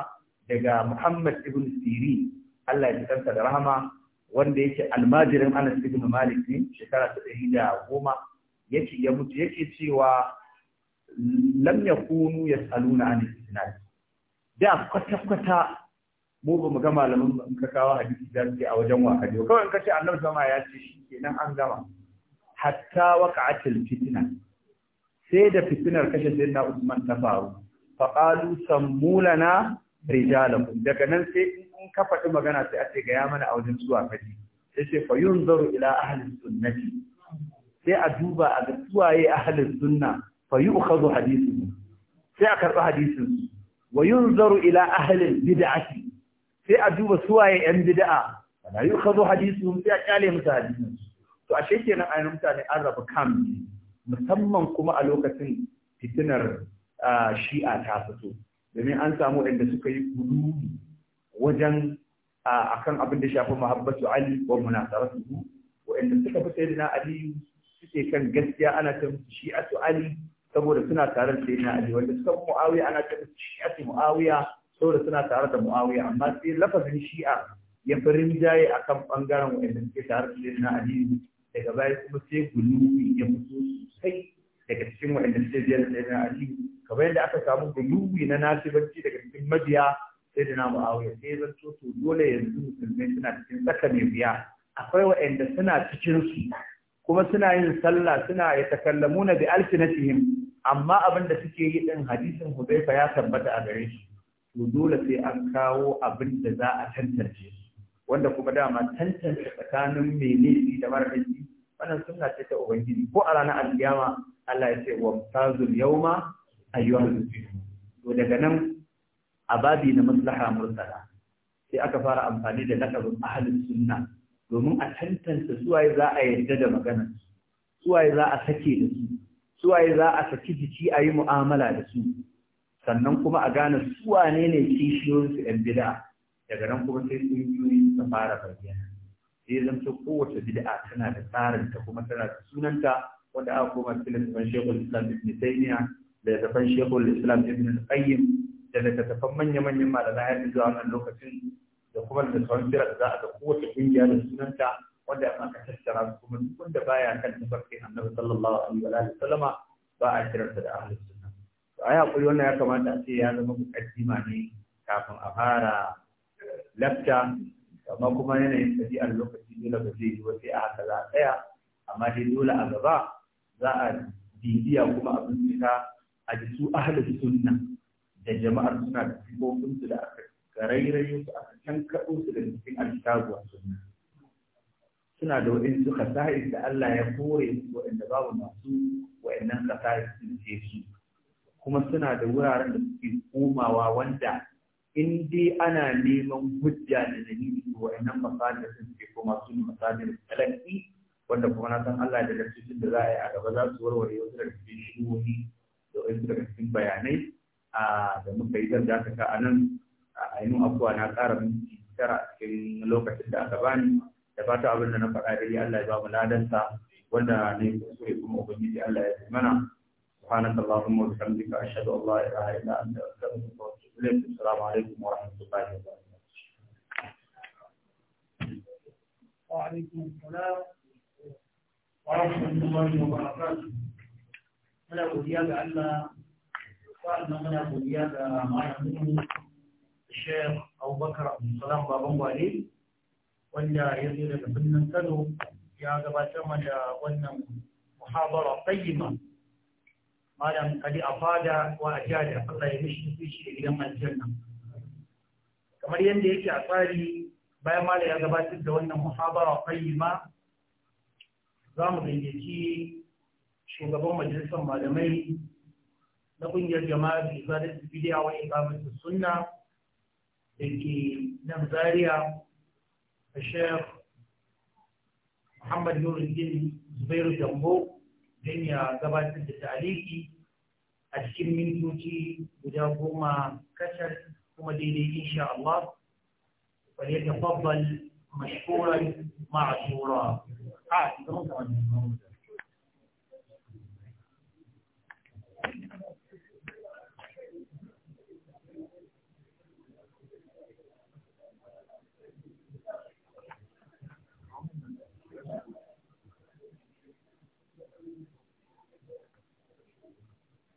daga muhammad ibn sirin Allah ya tsanta da rahama wanda yake almajirin Anas ibn Malik ne shekara ta ɗari da goma yake ya mutu yake cewa lam yakunu yas'aluna an isnad da kwata kwata mu ba mu ga malamin in ka kawo hadisi da suke a wajen wahadi kawai in ka ce annabi sama ya ce shi kenan an gama hatta waqa'atil fitna sai da fitinar kashe sayyidina Usman ta faru fa qalu sammulana rijalakum daga nan sai in ka faɗi magana sai a ce ga ya mana a wajen zuwa kaji sai ce fa yunzaru ila ahli sunnati sai a duba a ga suwaye ahli sunna fa yu'khadhu hadithuhum sai a karɓi hadisin wa yunzaru ila ahli bid'ati sai a duba suwaye yan bid'a wala yukhadhu hadithuhum sai a kyale musu hadisin to a ashe kenan ayyukan mutane an rabu kam musamman kuma a lokacin fitinar shi'a ta fito domin an samu waɗanda suka yi gudu wajen akan abin da shafi muhabbatu ali wa munasaratuhu inda suka fi sayyidina ali suke kan gaskiya ana ta musu shi'atu ali saboda suna tare da sayyidina ali wanda suka fi muawiya ana ta musu shi'atu muawiya saboda suna tare da muawiya amma sai lafazin shi'a ya fi rinjaye a kan ɓangaren wa'anda suke tare da na aliyu daga baya kuma sai guluwi ya fito sosai daga cikin wa'anda suke biyar da na aliyu kamar yadda aka samu gulubi na nasibanci daga cikin mabiya sai da na muawiya sai ya zanto to dole yanzu musulmai suna cikin tsaka mai biya akwai wa'anda suna cikin su kuma suna yin sallah suna ya takallamuna bi alfinatihim amma abin da suke yi din hadisin hudaifa ya tabbata a gare shi to dole sai an kawo abin da za a tantance wanda kuma dama tantance tsakanin mai laifi da mara laifi wannan suna ce ta ubangiji ko a ranar alkiyama Allah ya ce wa tazul yawma ayyuhal to daga nan a babi na maslaha mursala sai aka fara amfani da lakabin ahlus sunna domin a tantance suwaye za a yarda da magana. suwaye za a sake da su suwaye za a saki jiki a yi mu'amala da su sannan kuma a gane su wane ne kishiyoyinsu ‘yan bida daga nan kuma sai ƙungiyoyi suka fara bayyana sai zan zanto kowace bid'a tana da tsarinta kuma tana da sunanta wanda aka koma cikin littafin shekul islam ibn taymiya da littafin shekul islam ibn qayyim da littattafan manya-manyan malamai har yanzu a wannan lokacin da kuma littattafan bid'a da za a ga kowace ƙungiya da sunanta wanda aka tattara kuma duk wanda baya kan tafarkin annabi sallallahu alaihi wa sallama ba a kiransa da ahlus ai hakuri wannan ya kamata a ce ya zama mukaddima ne kafin a fara lafta amma kuma yanayin tabi'ar lokaci dole ba zai yi sai a haka za a tsaya amma dai dole a gaba za a bibiya kuma a bincika a ji su ahalin sunna da jama'ar suna da su da aka garairayo su aka can kaɗo su da cikin alkitabuwa sunna suna da waɗansu kasa'is da Allah ya kore su waɗanda babu masu waɗannan kasa'is sun ce su kuma suna da wuraren da suke komawa wanda in dai ana neman hujja da dalili to wa'annan masajin sun suke koma su ne masajin talaki wanda kuma na san Allah da lafiyar da za a yi a gaba za su warware wasu daga cikin shiwoyi da wasu daga cikin bayanai da muka yi zan dakata a nan a ainihin abuwa na ƙara minti tara a cikin lokacin da aka bani da fata abin da na faɗa dai Allah ya ba mu ladanta wanda ne kuma ubangiji Allah ya mana سبحانك اللهم وبحمدك أشهد أن لا إله إلا أنت أستغفرك وأتوب إليك السلام عليكم ورحمة الله وبركاته. وعليكم السلام ورحمة الله وبركاته. أنا أبو زياد عما قال أن أبو زياد ما يعلمني الشيخ أبو بكر بن سلام بابن وليد ولا يزيد بن سلو يا قبل ثمن ولا محاضرة طيبة malam kadi afada wa ajada Allah ya mishi fishi da gidan aljanna kamar yadda yake a tsari bayan malam ya gabatar da wannan muhabara qayyima za mu gayyaci shugaban majalisar malamai na kungiyar jama'a da bi da bidiya wa iqamatu sunna da ke nan zaria a shekh muhammad nuruddin zubairu jambo don ya gabatar da ta'aliki a cikin mintoci guda goma kasar kuma daidai insha Allah wal ya tafabbal mashkuran ma'ashura a cikin kamar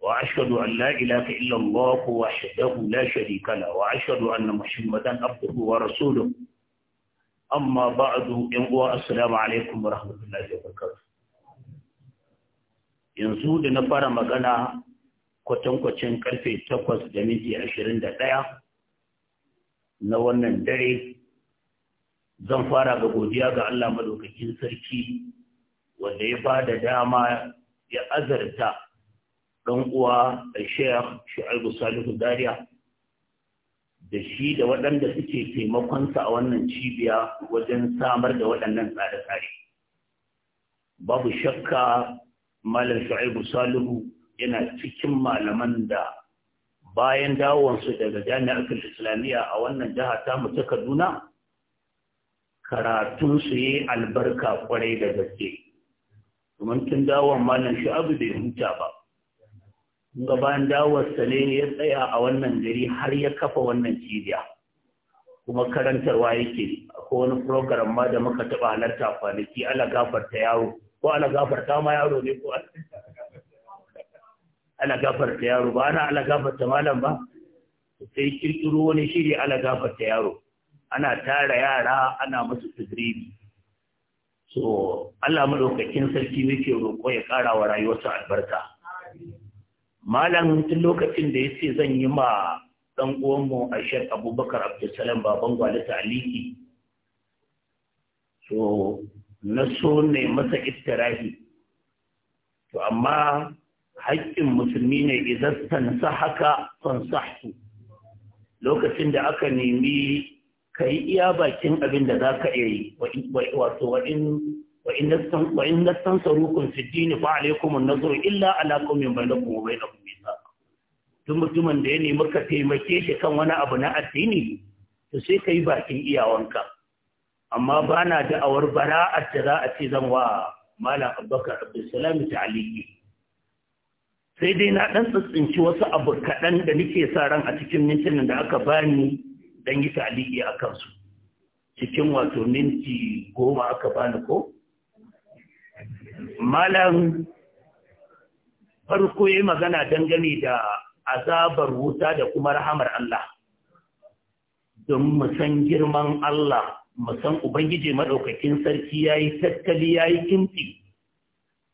وأشهد أن لا إله إلا الله وحده لا شريك له وأشهد أن محمدا عبده ورسوله أما بعد ينقوى السلام عليكم ورحمة الله وبركاته yanzu da na fara magana kwatankwacin karfe takwas da minti ashirin da ɗaya na wannan dare zan fara ga godiya ga Allah madaukakin sarki wanda ya ba da dama ya azarta ɗan uwa Sheikh Shu'aibu Salihu Dariya da shi da waɗanda suke taimakonsa a wannan cibiya wajen samar da waɗannan tsare-tsare. Babu shakka Malam Shu'aibu Salihu yana cikin malaman da bayan dawonsu daga jami'ar Islamiyya a wannan jiha ta mu ta Kaduna karatun su yi albarka kwarai da gaske. Domin tun dawon Malam Shu'aibu bai huta ba. gaban dawarsa ne ya tsaya a wannan gari har ya kafa wannan cibiya kuma karantarwa yake ko wani program ma da muka taɓa halarta kwanaki ala gafarta yaro ko ala gafarta ma yaro ne ko ala gafarta yaro ba ana ala gafarta malam ba sai kirkiro wani shiri ala gafarta yaro ana tara yara ana musu tadribi so Allah madaukakin sarki muke roƙo ya ƙara wa rayuwarsa albarka malam tun lokacin da ya ce zan yi ma ɗan uwanmu a shek abubakar abdulsalam baban gwale aliki so na so ne masa iftirahi to amma haƙƙin musulmi ne idan sa haka fansahtu lokacin da aka nemi ka yi iya bakin abin da za ka iya yi wato wa in nastansarukum fi dini fa alaykum an-nazru illa ala qaumin bainakum wa bainakum mithaq mutumin da ya nemi ka taimake shi kan wani abu na addini to sai kai bakin iyawanka amma bana awar bara da za a ce zan wa malam abubakar ta ta'aliki sai dai na dan tsintsinci wasu abu kaɗan da nake sa ran a cikin mintunan da aka bani dan yi ta'aliki a kansu cikin wato minti goma aka bani ko malam farko yi magana dangane da azabar wuta da kuma rahamar Allah don mu san girman Allah mu san ubangiji maɗaukakin sarki yayi tattali yayi kimfi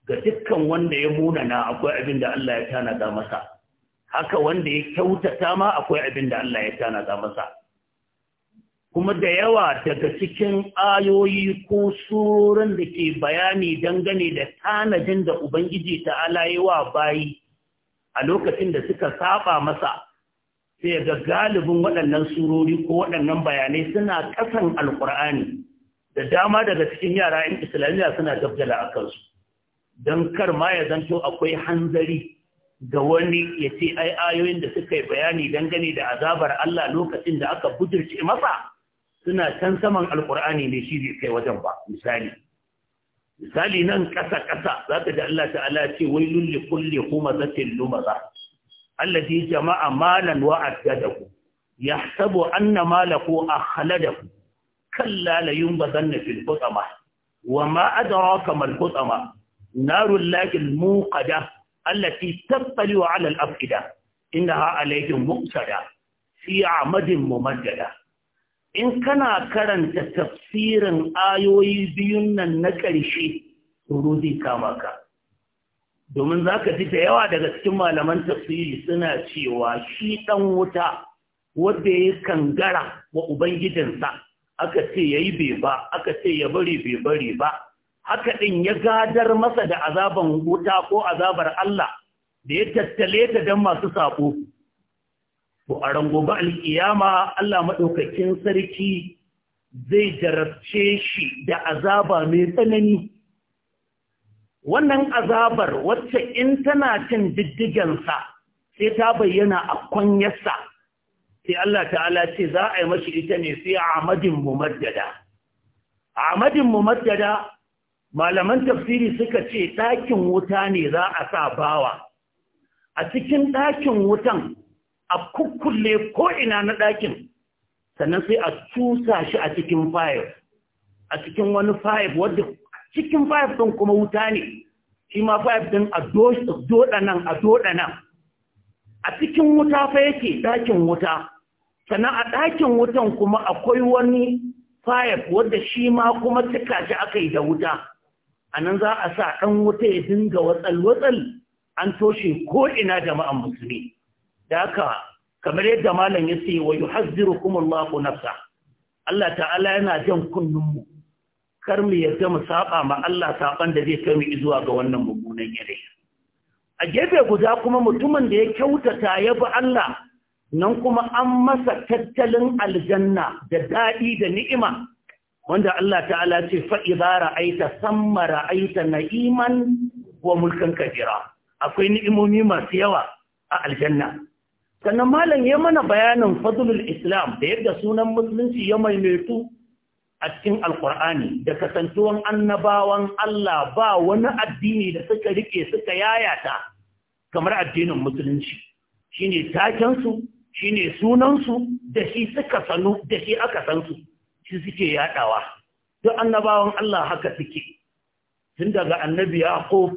ga dukkan wanda ya munana akwai abin da Allah ya tanada masa haka wanda ya kyautata ma akwai abin da Allah ya tanada masa kuma da yawa daga cikin ayoyi ko surorin da ke bayani dangane da tanadin da Ubangiji ta alayewa bayi a lokacin da suka saba masa sai ga galibin waɗannan surori ko waɗannan bayanai suna ƙasan alƙur'ani da dama daga cikin yara in islamiyya suna dabdala a kansu don kar ma ya zanto akwai hanzari ga wani ya ce ai ayoyin da suka yi bayani dangane da azabar Allah lokacin da aka budurce masa suna can saman alkur'ani ne shi zai kai wajen ba misali misali nan ƙasa ƙasa za ta ji Allah ta'ala ce wai lulli kulli humazatin lumaza allazi jama'a malan wa addadahu yahsabu anna malahu akhladahu kalla la na fil qutama wa ma adraka mal qutama narul lakil muqada allati tattali ala al afida innaha alaykum muqtada fi amadin mumaddada in kana karanta tafsirin ayoyi biyun nan na ƙarshe tsoro zai kama ka domin za ka ji da yawa daga cikin malaman tafsiri suna cewa shi ɗan wuta wadda ya gara wa ubangijinsa aka ce ya yi bai ba aka ce ya bari bai bari ba haka ɗin ya gadar masa da azaban wuta ko azabar Allah da ya tattale ta don masu saƙo To a gobe al'iyama Allah maɗaukakin sarki zai jarabce shi da azaba mai tsanani. Wannan azabar wacce in tana cin diddigensa sai ta bayyana a kwanyarsa, sai Allah ta'ala ce za a yi mashi ita ne sai a amadin mumaddada. A amadin mumaddada, malaman tafsiri suka ce ɗakin wuta ne za a sa bawa. A cikin ɗakin wutan a kukkulle ko'ina na ɗakin sannan sai a cusa shi a cikin fayif a cikin wani fayif wadda cikin fayif ɗin kuma wuta ne shi ma fayif ɗin a doɗa nan a doɗa nan a cikin wuta fa yake ɗakin wuta sannan a ɗakin wutan kuma akwai wani fayif wadda shi ma kuma cika shi aka yi da wuta a nan za a sa ɗan wuta ya dinga watsal-watsal an toshe ko'ina jama'an musulmi da haka kamar yadda malam ya ce wa yuhazzirukum Allah nafsa Allah ta'ala yana jan kunnun mu kar mu yarda mu saba ma Allah saban da zai kai mu zuwa ga wannan mummunan yanayi a gefe guda kuma mutumin da ya kyautata ya bi Allah nan kuma an masa tattalin aljanna da daɗi da ni'ima wanda Allah ta'ala ce fa'iza ra'aita samma ra'aita na'iman wa mulkan kajira. akwai ni'imomi masu yawa a aljanna sannan malam ya mana bayanin fadlul islam da yadda sunan musulunci ya maimaitu a cikin alkur'ani da kasantuwan annabawan Allah ba wani addini da suka rike suka yayata kamar addinin musulunci shine takensu shine sunansu da shi suka sanu da shi aka san su shi suke yadawa duk annabawan Allah haka suke tun daga annabi Yaqub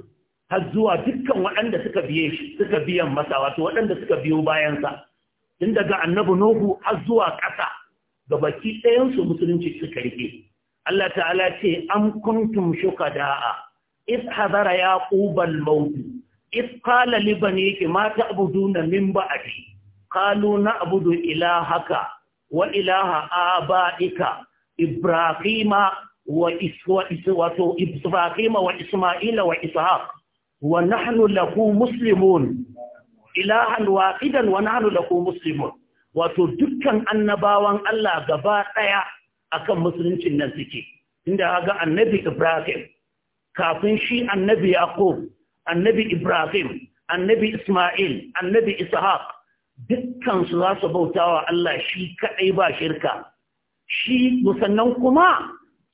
har zuwa dukkan waɗanda suka biyan masa wato waɗanda suka biyo bayansa tun daga annabi nuhu har zuwa ƙasa ga baki ɗayansu su musulunci suka rike Allah ta'ala ce am kuntum shukada'a if hadara ya qubal Maudu. if qala li bani ma ta'buduna min ba'di qalu na'budu ilahaka wa ilaha aba'ika ibrahima wa iswa iswa to ibrahima wa isma'ila wa ishaq wa nahnu lahu muslimun ilahan wahidan wa nahnu lahu muslimun wato dukkan annabawan Allah gaba ɗaya akan musuluncin nan suke inda ga annabi Ibrahim kafin shi annabi Yaqub annabi Ibrahim annabi Isma'il annabi Ishaq dukkan su za su bautawa Allah shi kaɗai ba shirka shi sannan kuma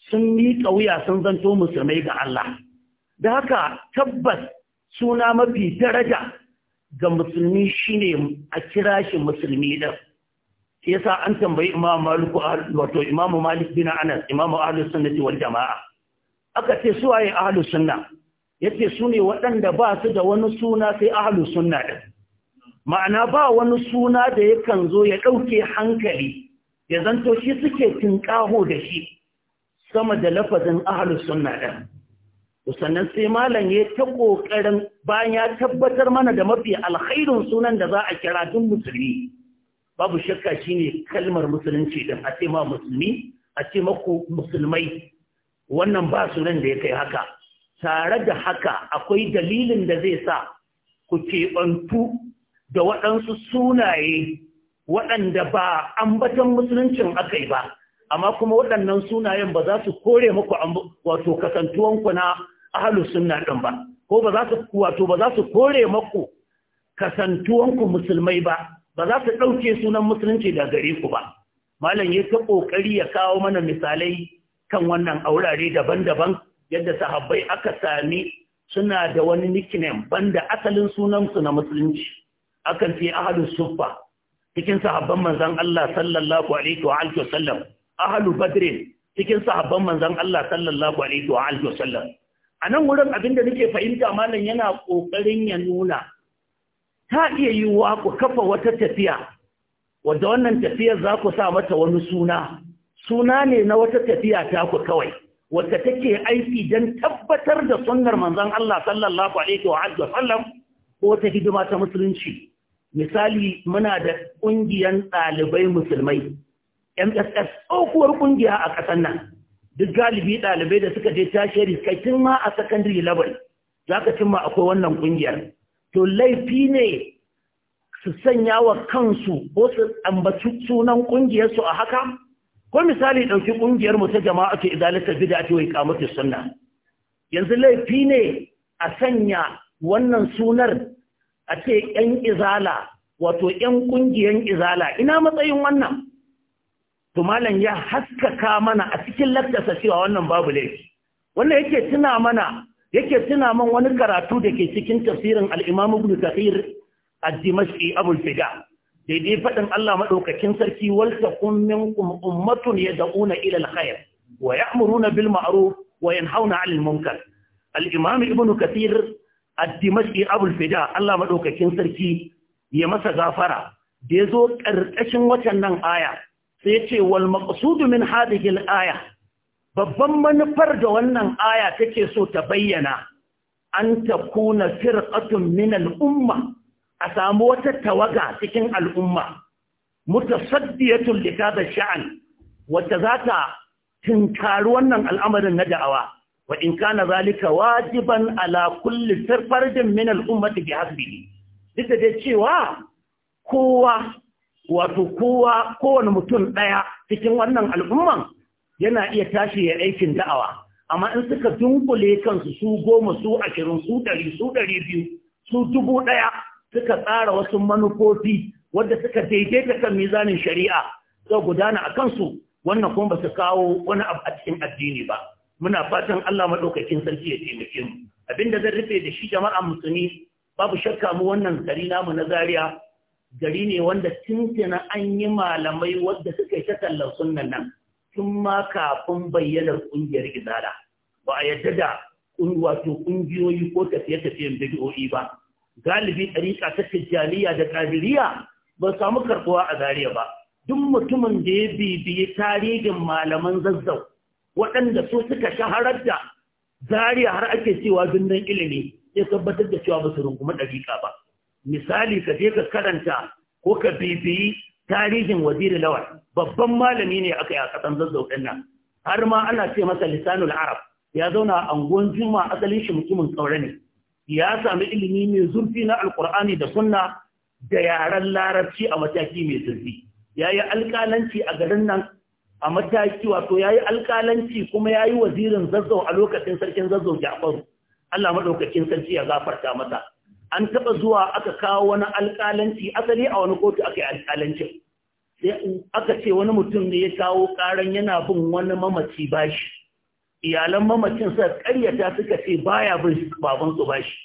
sun miƙa wuya sun zanto musulmai ga Allah da haka tabbas suna mafi daraja ga musulmi shine a kira shi musulmi din shi yasa an tambayi imam maliku wato imam malik bin anas imam ahlus sunnati wal jamaa aka ce su waye ahlus sunna yace su ne waɗanda ba su da wani suna sai ahlus sunna din ma'ana ba wani suna da yakan zo ya ɗauke hankali ya zanto shi suke tinkaho da shi sama da lafazin ahlus sunna din sannan sai malam ya ta ƙoƙarin bayan ya tabbatar mana da mafi alkhairun sunan da za a kira duk musulmi babu shakka shine kalmar musulunci din a ce ma musulmi a ce mako musulmai wannan ba sunan da ya kai haka tare da haka akwai dalilin da zai sa ku keɓantu da waɗansu sunaye waɗanda ba ambatan musuluncin aka yi ba amma kuma waɗannan sunayen ba za su kore muku wato kasantuwanku na ahlus sunna din ba ko ba za su wato ba za su kore maku kasantuwanku musulmai ba ba za su ɗauke sunan musulunci da gare ku ba malam ya ta ƙoƙari ya kawo mana misalai kan wannan aurare daban-daban yadda sahabbai aka sami suna da wani nickname banda asalin sunansu na musulunci akan ce ahlus suffa cikin sahabban manzon Allah sallallahu alaihi wa alihi wasallam ahlu badr cikin sahabban manzon Allah sallallahu alaihi wa alihi wasallam a nan wurin da nake fahimta malam yana ƙoƙarin ya nuna ta iya yiwuwa ku kafa wata tafiya wadda wannan tafiyar za ku sa mata wani suna suna ne na wata tafiya ta ku kawai wadda take aiki don tabbatar da sunnar manzon Allah sallallahu alaihi wa alihi sallam ko ta hidima ta musulunci misali muna da ƙungiyar ɗalibai musulmai MSS tsohuwar ƙungiya a ƙasar nan duk galibi ɗalibai da suka je tashiri kai tun ma a secondary level za ka cimma akwai wannan ƙungiyar to laifi ne su sanya wa kansu ko su ambaci sunan ƙungiyarsu a haka ko misali ɗauki ƙungiyar mu ta jama'a ce idalata bida ce wai kamata sunna yanzu laifi ne a sanya wannan sunar a ce ƴan izala wato ƴan ƙungiyar izala ina matsayin wannan to malam ya haskaka mana a cikin lakasa cewa wannan babu laifi wannan yake tuna mana yake tuna man wani karatu da ke cikin tafsirin alimam imam Ibn Kathir ad-Dimashqi Abu fida daidai faɗin Allah maɗaukakin sarki wal takum minkum ummatun yad'una ila al-khair wa ya'muruna bil ma'ruf wa yanhauna 'anil munkar al-Imam Ibn Kathir ad-Dimashqi Abu fida Allah maɗaukakin sarki ya masa gafara da yazo karkashin watan nan aya sai ce wal maqsudu min hadhihi al aya babban manufar da wannan aya take so ta bayyana an takuna firqatun min al umma a samu wata tawaga cikin al'umma mutasaddiyatun likada sha'an wata za ta tinkari wannan al'amarin na da'awa wa in kana zalika wajiban ala kulli umma min al'ummati bi hasbihi duk da cewa kowa wato kowa kowane mutum ɗaya cikin wannan al'umman yana iya tashi ya aikin da'awa amma in suka dunkule kansu su goma su ashirin su ɗari su ɗari biyu su dubu ɗaya suka tsara wasu manufofi wadda suka daidaita kan mizanin shari'a sau gudana a kansu wannan kuma ba su kawo wani abu a cikin addini ba muna fatan Allah maɗaukakin sarki ya taimake mu abinda zan rufe da shi jama'a musulmi babu shakka mu wannan gari namu na Zariya. gari ne wanda tuntuna an yi malamai wadda suka yi ta tallar sunnan nan tun ma kafin bayyanar ƙungiyar izala ba a yadda da wato ƙungiyoyi ko tafiye-tafiyen bidiyoyi ba galibi ɗariƙa ta tijjaniya da ƙadiriya ba samu karɓuwa a zariya ba duk mutumin da ya bibiyi tarihin malaman zazzau waɗanda su suka shaharar da zariya har ake cewa dundun ilimi ya tabbatar da cewa ba su rungumi ɗariƙa ba misali ka je ka karanta ko ka bibiyi tarihin waziri lawal babban malami ne aka yi a ƙasan zazzau ɗin nan har ma ana ce masa lisanul arab ya zauna a angon juma asalin shi mutumin tsaure ne ya sami ilimi mai zurfi na alkur'ani da sunna da yaren larabci a mataki mai zurfi ya yi alƙalanci a garin nan a mataki wato ya yi alƙalanci kuma ya yi wazirin zazzau a lokacin sarkin zazzau jafaru allah maɗaukakin sarki ya gafarta masa an taɓa zuwa aka kawo wani alƙalanci asali a wani kotu aka yi alƙalancin sai aka ce wani mutum ne ya kawo ƙaran yana bin wani mamaci bashi iyalan mamacin sa ƙaryata suka ce baya bin baban su bashi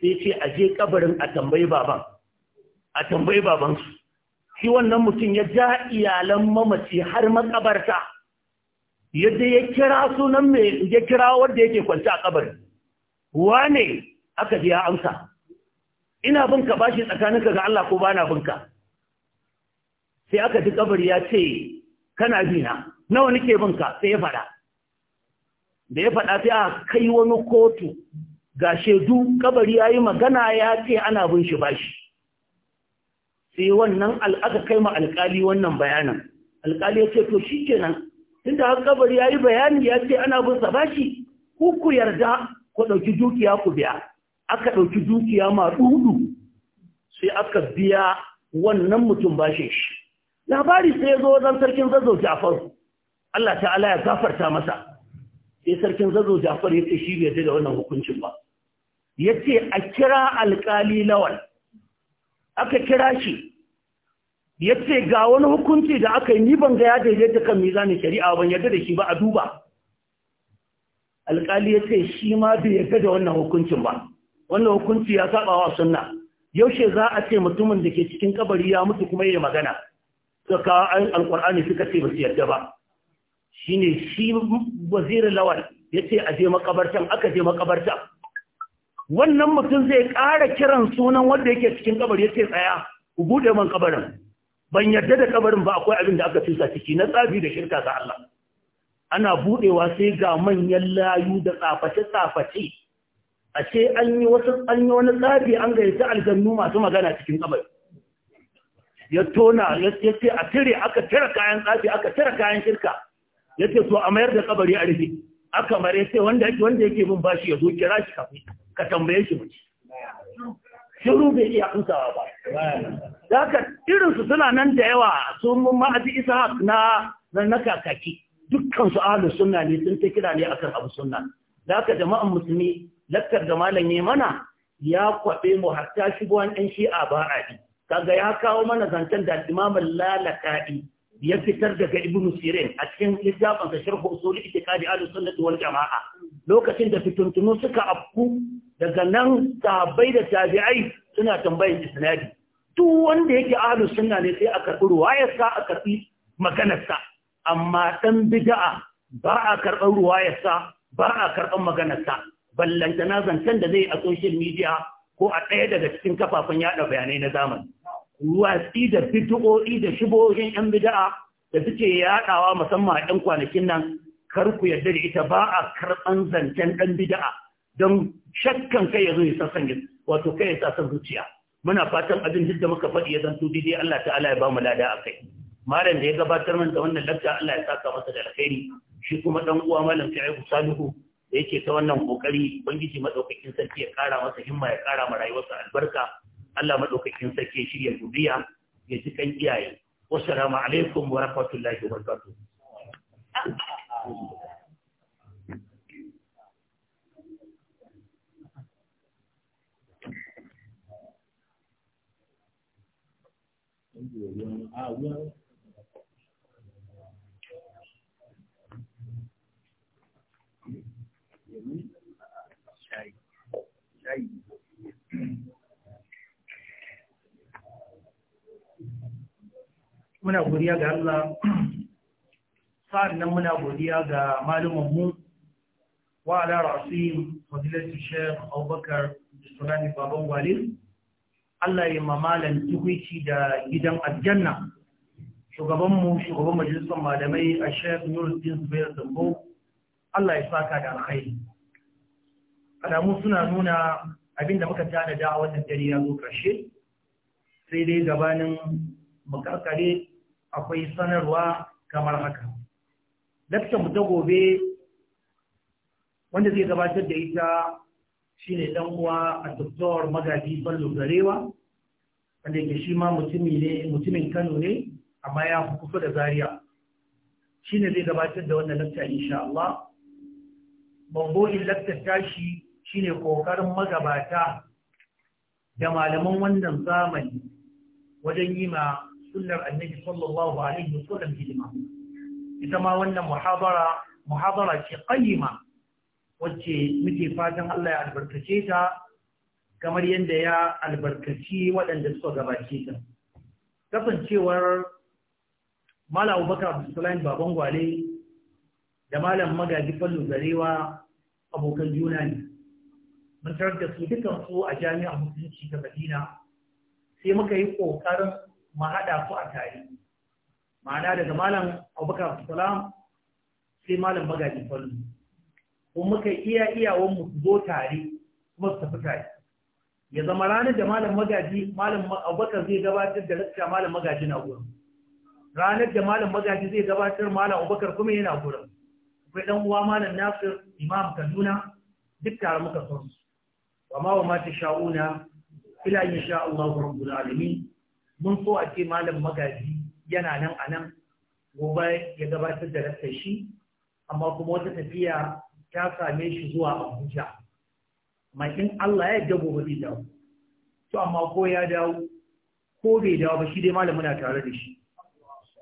sai ce a je kabarin a tambayi baban a tambayi baban su shi wannan mutum ya ja iyalan mamaci har makabarta yadda ya kira sunan mai ya kira wanda yake kwance a kabarin wane aka ji ya amsa ina bin ka bashi tsakaninka ga Allah ko bana bin ka sai aka ji kabari ya ce kana bina nawa nake bin ka sai ya faɗa da ya faɗa sai aka kai wani kotu ga shedu kabari yayi magana ya ce ana bin shi bashi sai wannan al'aka kai ma alƙali wannan bayanan alƙali ya ce to shi kenan tunda har kabari yayi bayani ya ce ana bin sa bashi ku ku yarda ku ɗauki dukiya ku biya aka ɗauki dukiya maɗuɗu sai aka biya wannan mutum bashin shi labari sai ya zo wajen sarkin zazzau jafar Allah ta'ala ya gafarta masa sai sarkin zazzau jafar ya ce shi bai daga wannan hukuncin ba ya ce a kira alkali lawal aka kira shi ya ce ga wani hukunci da aka yi ni ban ga ya daidaita kan mizanin shari'a ban yadda da shi ba a duba alkali ya ce shi ma bai yadda da wannan hukuncin ba wannan hukunci ya saba wa sunna yaushe za a ce mutumin da ke cikin kabari ya mutu kuma yayi magana to ka alqur'ani suka ce ba su yarda ba shine shi wazir lawal yace a je makabartan aka je makabartan wannan mutum zai ƙara kiran sunan wanda yake cikin kabari yace tsaya ku bude man kabarin ban yarda da kabarin ba akwai abin da aka tusa ciki na tsafi da shirka ga Allah ana budewa sai ga manyan layu da tsaface-tsaface a ce an yi wani tsafi an gaita aljannu masu magana cikin kabari ya tona ya ce a tire aka tira kayan tsafi aka tira kayan shirka ya ce to a mayar da kabari a rufe aka mare sai wanda yake wanda yake bin bashi ya zo kira shi kafin ka tambaye shi mace shiru bai iya kusawa ba da haka irinsu suna nan da yawa sun mun ma'azi isa na na kakaki dukkan su ahlus sunna ne sun ta kira ne akan abu sunna da haka jama'an musulmi lakkar da malam ya mana ya kwaɓe mu hatta shigowan ɗan shi'a ba a Ba'adi. kaga ya kawo mana zancen da imamin lalatai ya fitar daga ibnu sirin a cikin littafin sa sharh usul alu ahlus sunnah wal jamaa lokacin da fituntunu suka afku daga nan sahabbai da tabi'ai suna tambayin isnadi duk wanda yake ahlus sunna ne sai a karɓi ruwayarsa a karɓi maganarsa amma ɗan bida'a ba a karɓar ruwayarsa ba a karɓar maganarsa ballantana zancen da zai a social media ko a ɗaya daga cikin kafafen yaɗa bayanai na zamani watsi da fito'o'i da shibohin 'yan bida'a da suke yaɗawa musamman a 'yan kwanakin nan kar ku yarda da ita ba a karɓan zancen ɗan bida'a don shakkan kai ya zo ya sassan wato kai ya sassan zuciya muna fatan abin duk da muka faɗi ya zanto daidai Allah ta'ala ya ba mu lada a kai malam da ya gabatar mana da wannan lakta Allah ya saka masa da alkhairi shi kuma ɗan'uwa uwa malam haihu Salihu da yake ta wannan kokari ubangiji madaukakin sarki ya kara masa himma ya kara ma rayuwarsa albarka Allah madaukakin sarki ya shirya gudiya ya ji kan iyaye wassalamu alaikum wa rahmatullahi wa barakatuh Thank you. muna godiya ga Allah sa'an nan muna godiya ga malumanmu wa ala rasim fadilatu shek abubakar sulani baban walid Allah ya mamalan tukwici da gidan aljanna shugabanmu shugaban majalisar malamai a shek nuruddin zubair dambo Allah ya saka da alkhairi alamu suna nuna abin da muka tanada da wannan dare ya zo ƙarshe sai dai gabanin makarkare akwai sanarwa kamar haka mu ta gobe wanda zai gabatar da ita shine dan uwa a doktor magaji ballo garewa wanda yake shi ma mutumin kano ne amma ya kusa da zaria shine zai gabatar da wannan lakta insha Allah in lakta tashi ne kokarin magabata da malaman wannan zamani wajen yi ma sunnar annabi sallallahu alaihi sallam hidima ita ma wannan muhabara muhabara ce qayyima wacce muke fatan Allah ya albarkace ta kamar yadda ya albarkaci waɗanda suka gabace ta kasancewar Malam Abubakar Abdulsalam baban gwale da Malam Magaji fallo Zarewa abokan juna ne mun tarar da su dukan su a jami'a musulunci ta madina sai muka yi ƙoƙarin mu haɗa su a tare ma'ana daga malam abubakar salam sai malam magaji fallu kuma muka iya iyawan mu zo tare kuma su tafi tare ya zama ranar da malam magaji malam abubakar zai gabatar da lakta malam magaji na gurin ranar da malam magaji zai gabatar malam abubakar kuma yana gurin akwai dan uwa malam nasir imam kaduna duk tare muka son su amma wa ma tasha'una ila in sha Allah rabbul mun so a ce malam magaji yana nan anan. gobe ya gabatar da rasar amma kuma wata tafiya ta same shi zuwa Abuja mai in Allah ya yarda gobe zai dawo to amma ko ya dawo ko bai dawo ba shi dai malam na tare da shi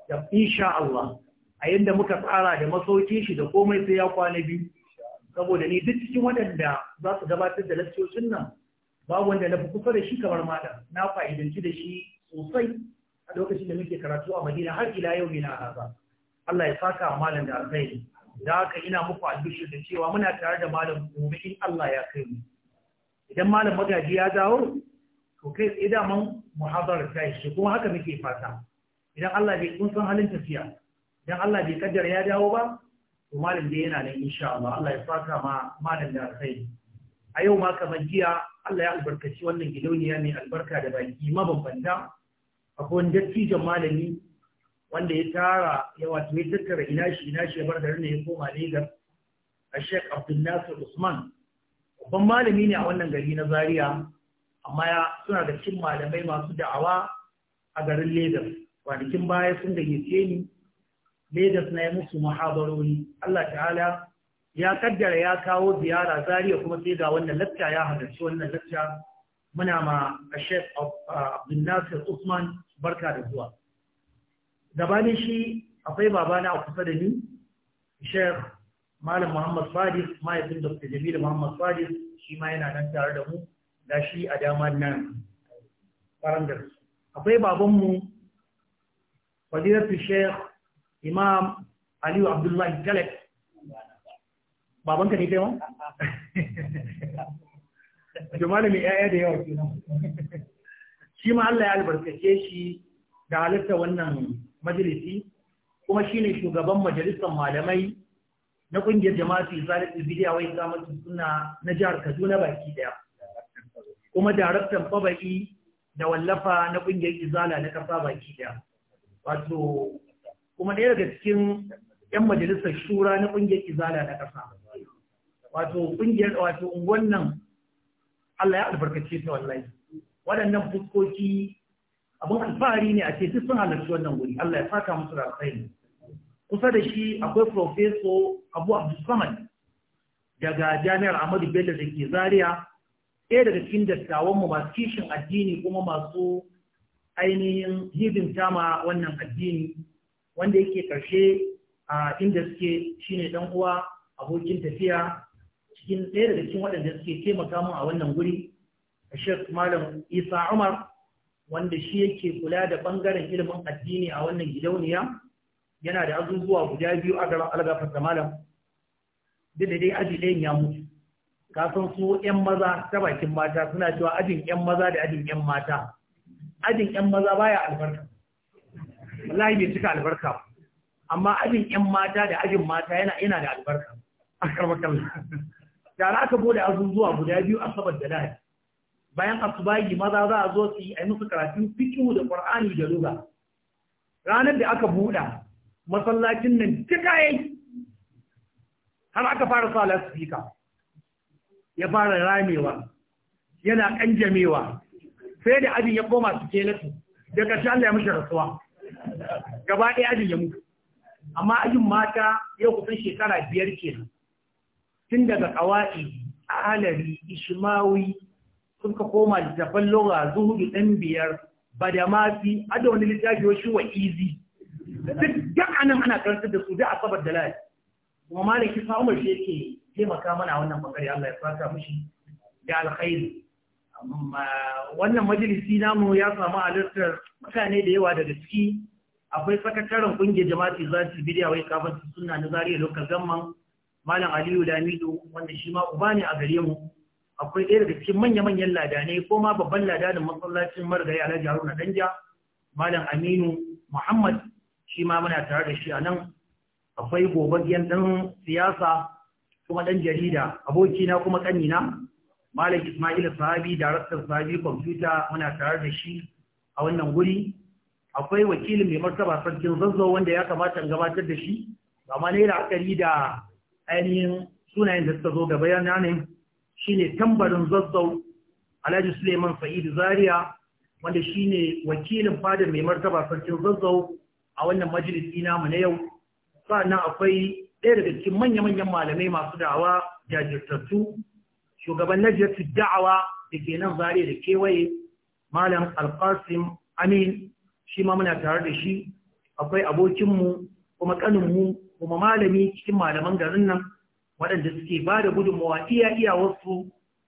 da insha Allah a yadda muka tsara da masaukin shi da komai sai ya kwana biyu saboda ni duk cikin waɗanda za su gabatar da lakcocin nan babu wanda na fi kusa da shi kamar malam na fa'idanci da shi sosai a lokacin da muke karatu a madina har ila yau mina haza Allah ya saka wa malam da alkhairi da haka ina muku albishir da cewa muna tare da malam gobe in Allah ya kai mu idan malam magaji ya dawo to kai tsaye daman muhabbar ta shi kuma haka muke fata idan Allah bai kun san halin tafiya idan Allah bai kaddara ya dawo ba to malam dai yana nan insha Allah Allah ya saka ma malam da sai a yau ma kamar jiya Allah ya albarkaci wannan gidauniya mai albarka da baki mabambanta akwai wani dattijan malami wanda ya tara ya wato ya tattara ina shi ina shi ya bar garin ne ya koma Lagos a Sheikh Abdul Nasir Usman babban malami ne a wannan gari na Zaria amma ya suna da cin malamai masu da'awa a garin Lagos kwanakin baya sun gayyace ni Legas na ya musu muhabarori Allah ta'ala ya kaddara ya kawo ziyara zariya kuma sai ga wannan lacca ya halarci wannan lacca muna ma Sheikh Abdul Nasir Usman barka da zuwa gabanin shi akwai babana a kusa da ni Sheikh Malam Muhammad Fadis mahaifin Dr. Jamil Muhammad Fadis shi ma yana nan tare da mu da shi a dama nan farangar akwai babanmu Fadilatu Sheikh imam aliyu abdullahi galek babanka ne kai ma? jumala mai yaya da yawa shi ma Allah ya albarkace shi da halitta wannan majalisi kuma shi ne shugaban majalisar malamai na ƙungiyar jama'a su zari wai samun suna na jihar kaduna baki daya kuma daraktan fabai da wallafa na ƙungiyar izala na ƙasa baki daya wato kuma ɗaya daga cikin 'yan majalisar shura na ƙungiyar izala da ƙasa wato ƙungiyar wato wannan Allah ya albarkace ta wallahi waɗannan fuskoki abin alfahari ne a ce duk sun halarci wannan wuri Allah ya saka musu da alkhairi kusa da shi akwai Profeso Abu Abdulsamad daga Jami'ar Ahmadu Bello da ke Zaria, ɗaya daga cikin dattawan mu masu kishin addini kuma masu ainihin hidimta ma wannan addini wanda yake karshe a inda suke shine dan uwa abokin tafiya cikin ɗaya daga cikin waɗanda suke taimaka a wannan guri A shek Malam Isa Umar wanda shi yake kula da bangaren ilimin addini a wannan gidauniya yana da azuzuwa guda biyu a gaban algafarsa malam duk da dai aji ɗayan ya mutu kasan su 'yan maza ta bakin mata suna cewa ajin 'yan maza da ajin 'yan mata ajin 'yan maza baya albarka wallahi bai cika albarka ba amma ajin 'yan mata da ajin mata yana yana da albarka a karbakan za aka bude azuzuwa guda biyu a sabar da lahi bayan asubagi maza za a zo su yi a musu karatun fikihu da qur'ani da lugha ranar da aka buɗa masallacin nan duka yayi har aka fara sa lasfika ya fara ramewa yana kanjamewa sai da ajin ya koma su ke daga shi Allah ya mishi rasuwa gaba ɗaya ajin ya mutu amma ajin mata yau kusan shekara biyar kenan tun daga ƙawa'i alari ishimawi, sun ka koma littafan lura zuhudu ɗan biyar badamasi ada wani littafi wa shi wa izi duk anan ana karantar da su da asabar da lai kuma malaki sa umar shi yake taimaka mana wannan bakari Allah ya saka mushi da alkhairi wannan majalisi namu ya samu alertar mutane da yawa daga ciki akwai sakataren kungiyar jamai za su bidiya wai kafin suna na zariya lokal gamman malam aliyu lamido wanda shi ma uba ne a gare mu akwai ɗaya daga cikin manya-manyan ladanai ko ma babban ladanin masallacin margari alhaji haruna danja malam aminu muhammad shi ma muna tare da shi a nan akwai gobagiyan ɗan siyasa kuma ɗan jarida abokina kuma ƙanina malam ismail sahabi daraktar sahabi kwamfuta muna tare da shi a wannan guri akwai wakilin mai martaba sarkin zanzo wanda ya kamata in gabatar da shi amma ne akari da ainihin sunayen da suka zo gaba ne shine tambarin zazzau alhaji suleiman sa'id zaria wanda shine wakilin fadar mai martaba sarkin zazzau a wannan majalisi mu na yau sannan akwai ɗaya daga cikin manya-manyan malamai masu da'awa jajirtattu shugaban najiyar da'awa da ke nan zaria da kewaye malam alkasim amin shi ma muna tare da shi akwai abokinmu kuma kaninmu kuma malami cikin malaman garin nan waɗanda suke ba da gudunmawa iya iya wasu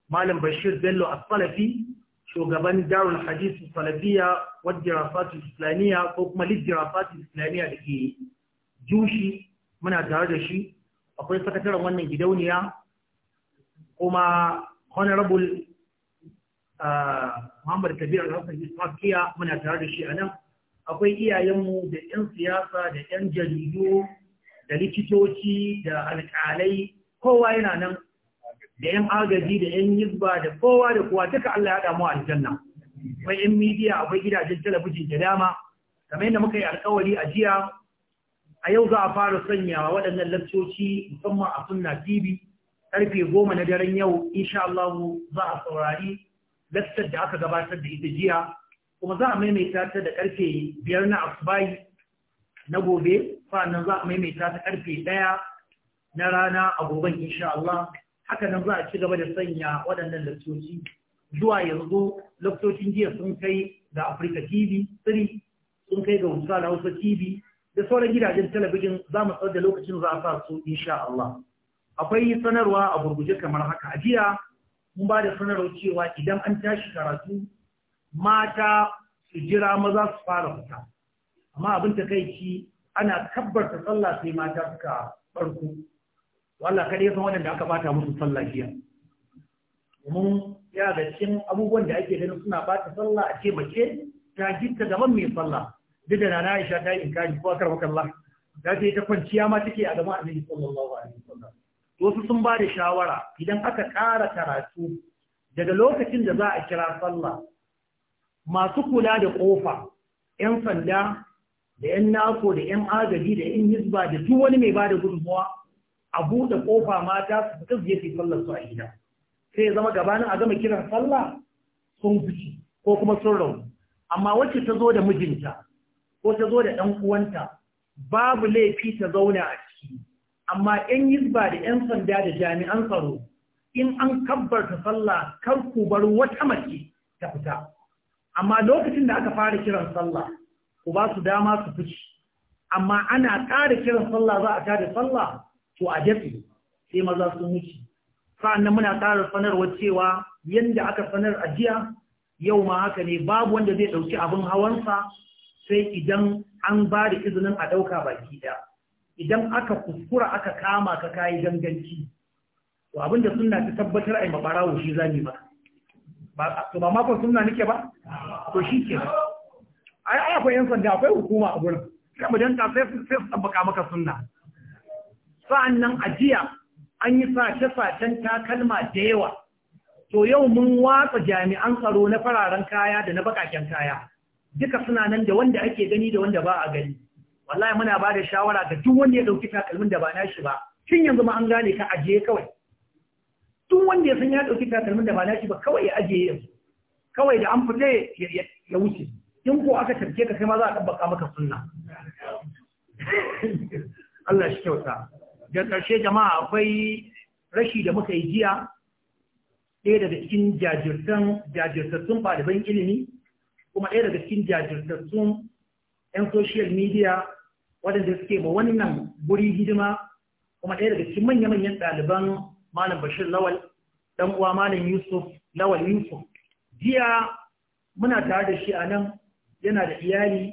malam bashir bello a salafi shugaban darul hadis salafiya wadda islamiyya ko kuma liddirafatu islamiyya da ke jushi muna tare da shi akwai sakataren wannan gidauniya kuma honorable ah, muhammad kabir al-hassan muna tare da shi a nan akwai iyayenmu da 'yan siyasa da 'yan jaridu da likitoci da alƙalai kowa yana nan da 'yan agaji da 'yan yizba da kowa da kowa duka Allah ya damu aljanna akwai 'yan midiya akwai gidajen talabijin da dama kamar yadda muka yi alkawari a jiya a yau za a fara sanyawa waɗannan lakcoci musamman a sunna tv karfe goma na daren yau insha Allah za a saurari lakcar da aka gabatar da ita jiya kuma za a maimaita ta da karfe biyar na asubahi na gobe sannan za a maimaita ta karfe ɗaya na rana a goben insha Allah haka nan za a ci gaba da sanya waɗannan lakcoci zuwa yanzu lakcocin jiya sun kai ga Africa TV 3 sun kai ga da Hausa TV da sauran gidajen talabijin za mu tsar da lokacin za a sa su insha Allah. Akwai sanarwa a gurguje kamar haka a jiya mun ba da sanarwa cewa idan an tashi karatu mata su jira maza su fara fita amma abin ta kai ki ana kabbarta sallah sai mata suka barko wallah kada yasan waɗanda aka bata musu sallah jiya domin ya ga cikin abubuwan da ake ganin suna bata sallah a ce mace ta jinta gaban mai sallah duk da nana Aisha ta yi inkari ko akar Allah da ta yi ta kwanciya ma take a gaban Annabi sallallahu alaihi wasallam wasu sun ba da shawara idan aka ƙara karatu daga lokacin da za a kira sallah masu kula da ƙofa 'yan sanda da 'yan nako da 'yan agaji da 'yan yizba, da duk wani mai bada da a buɗe ƙofa mata su fita su je sallar su a gida sai ya zama na a gama kiran sallah sun fice ko kuma sun rauni amma wacce ta zo da mijinta ko ta zo da ɗan uwanta babu laifi ta zauna a ciki amma 'yan yizba, da 'yan sanda da jami'an tsaro in an kabbarta sallah kar ku bar wata mace ta fita amma lokacin da aka fara kiran sallah ku ba su dama su fice amma ana ƙara kiran sallah za a tare sallah to a dafi sai maza sun wuce sa'annan muna ƙara sanarwa cewa yadda aka sanar a jiya yau ma haka ne babu wanda zai ɗauki abin hawansa sai idan an ba da izinin a ɗauka baki ɗaya idan aka kuskura aka kama ka kayi ganganci to abinda suna ta tabbatar a yi mabarawo shi zami maka to ba makon sunna nake ba to shi ke ai ai akwai yan sanda akwai hukuma a gurin sai mu danta sai sai su tabbaka maka sunna sa'annan ajiya an yi sace sacen takalma da yawa to yau mun watsa jami'an tsaro na fararen kaya da na bakaken kaya duka suna nan da wanda ake gani da wanda ba a gani wallahi muna ba da shawara ga duk wanda ya dauki takalmin da ba nashi ba tun yanzu ma an gane ka ajiye kawai Tun wanda ya san ya ɗauki takalmin da ba nashi ba kawai ya ajiye yanzu kawai da an fita ya wuce in ko aka tarke ka kai ma za a ɗabbaka maka sunna Allah shi kyauta da karshe jama'a akwai rashi da muka yi jiya ɗaya daga cikin jajirtattun ɗaliban ilimi kuma ɗaya daga cikin jajirtattun 'yan social media waɗanda suke ba wannan guri hidima kuma ɗaya daga cikin manya-manyan ɗaliban malam bashir lawal dan uwa malam yusuf lawal yusuf jiya muna tare da shi a nan yana da iyali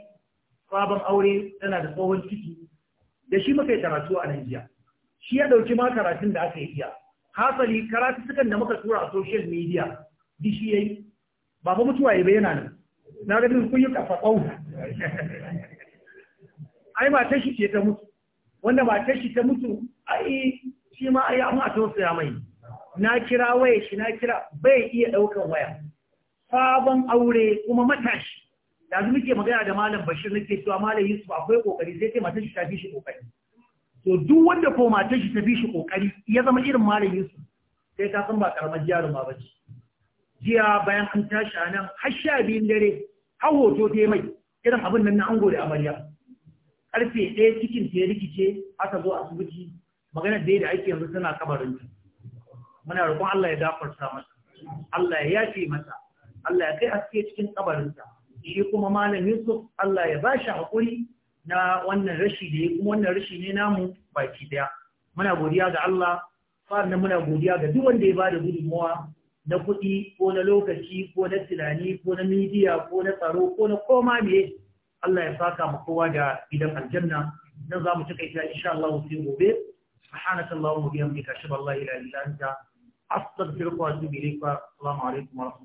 sabon aure yana da tsohon ciki da shi muka yi karatu a nan jiya shi ya dauki ma karatun da aka yi jiya hasali karatu sukan da muka tura a social media di shi yayi ba fa mutuwa ya bayyana nan na ga duk kun yi kafa tsau ai ba ta shi ce ta mutu wanda ba ta shi ta mutu ai shi ma yi amma a ya mai na kira waya shi na kira bai iya daukan waya sabon aure kuma matashi yanzu muke magana da malam Bashir nake cewa malam Yusuf akwai kokari sai ce matashi ta fi shi kokari to duk wanda ko matashi ta fi shi kokari ya zama irin malam Yusuf sai ka san ba karamar jaruma ma bace jiya bayan an tashi a nan har sha biyun dare har hoto ta mai irin abin nan na ango da amarya karfe ɗaya cikin ta rikice aka zo asibiti maganar da yadda ake yanzu tana kabarin ta muna roƙon Allah ya gafarta masa Allah ya yafe masa Allah ya kai haske cikin kabarin shi kuma malam Yusuf Allah ya ba shi hakuri na wannan rashi da ya kuma wannan rashi ne namu baki daya muna godiya ga Allah fara muna godiya ga duk wanda ya ba da gudunmuwa na kuɗi ko na lokaci ko na tunani ko na midiya ko na tsaro ko na koma ne Allah ya saka mu kowa da gidan aljanna nan za mu cika ita insha Allah sai gobe سبحانك اللهم وبحمدك اشهد ان لا اله الا انت استغفرك واتوب اليك السلام عليكم ورحمه الله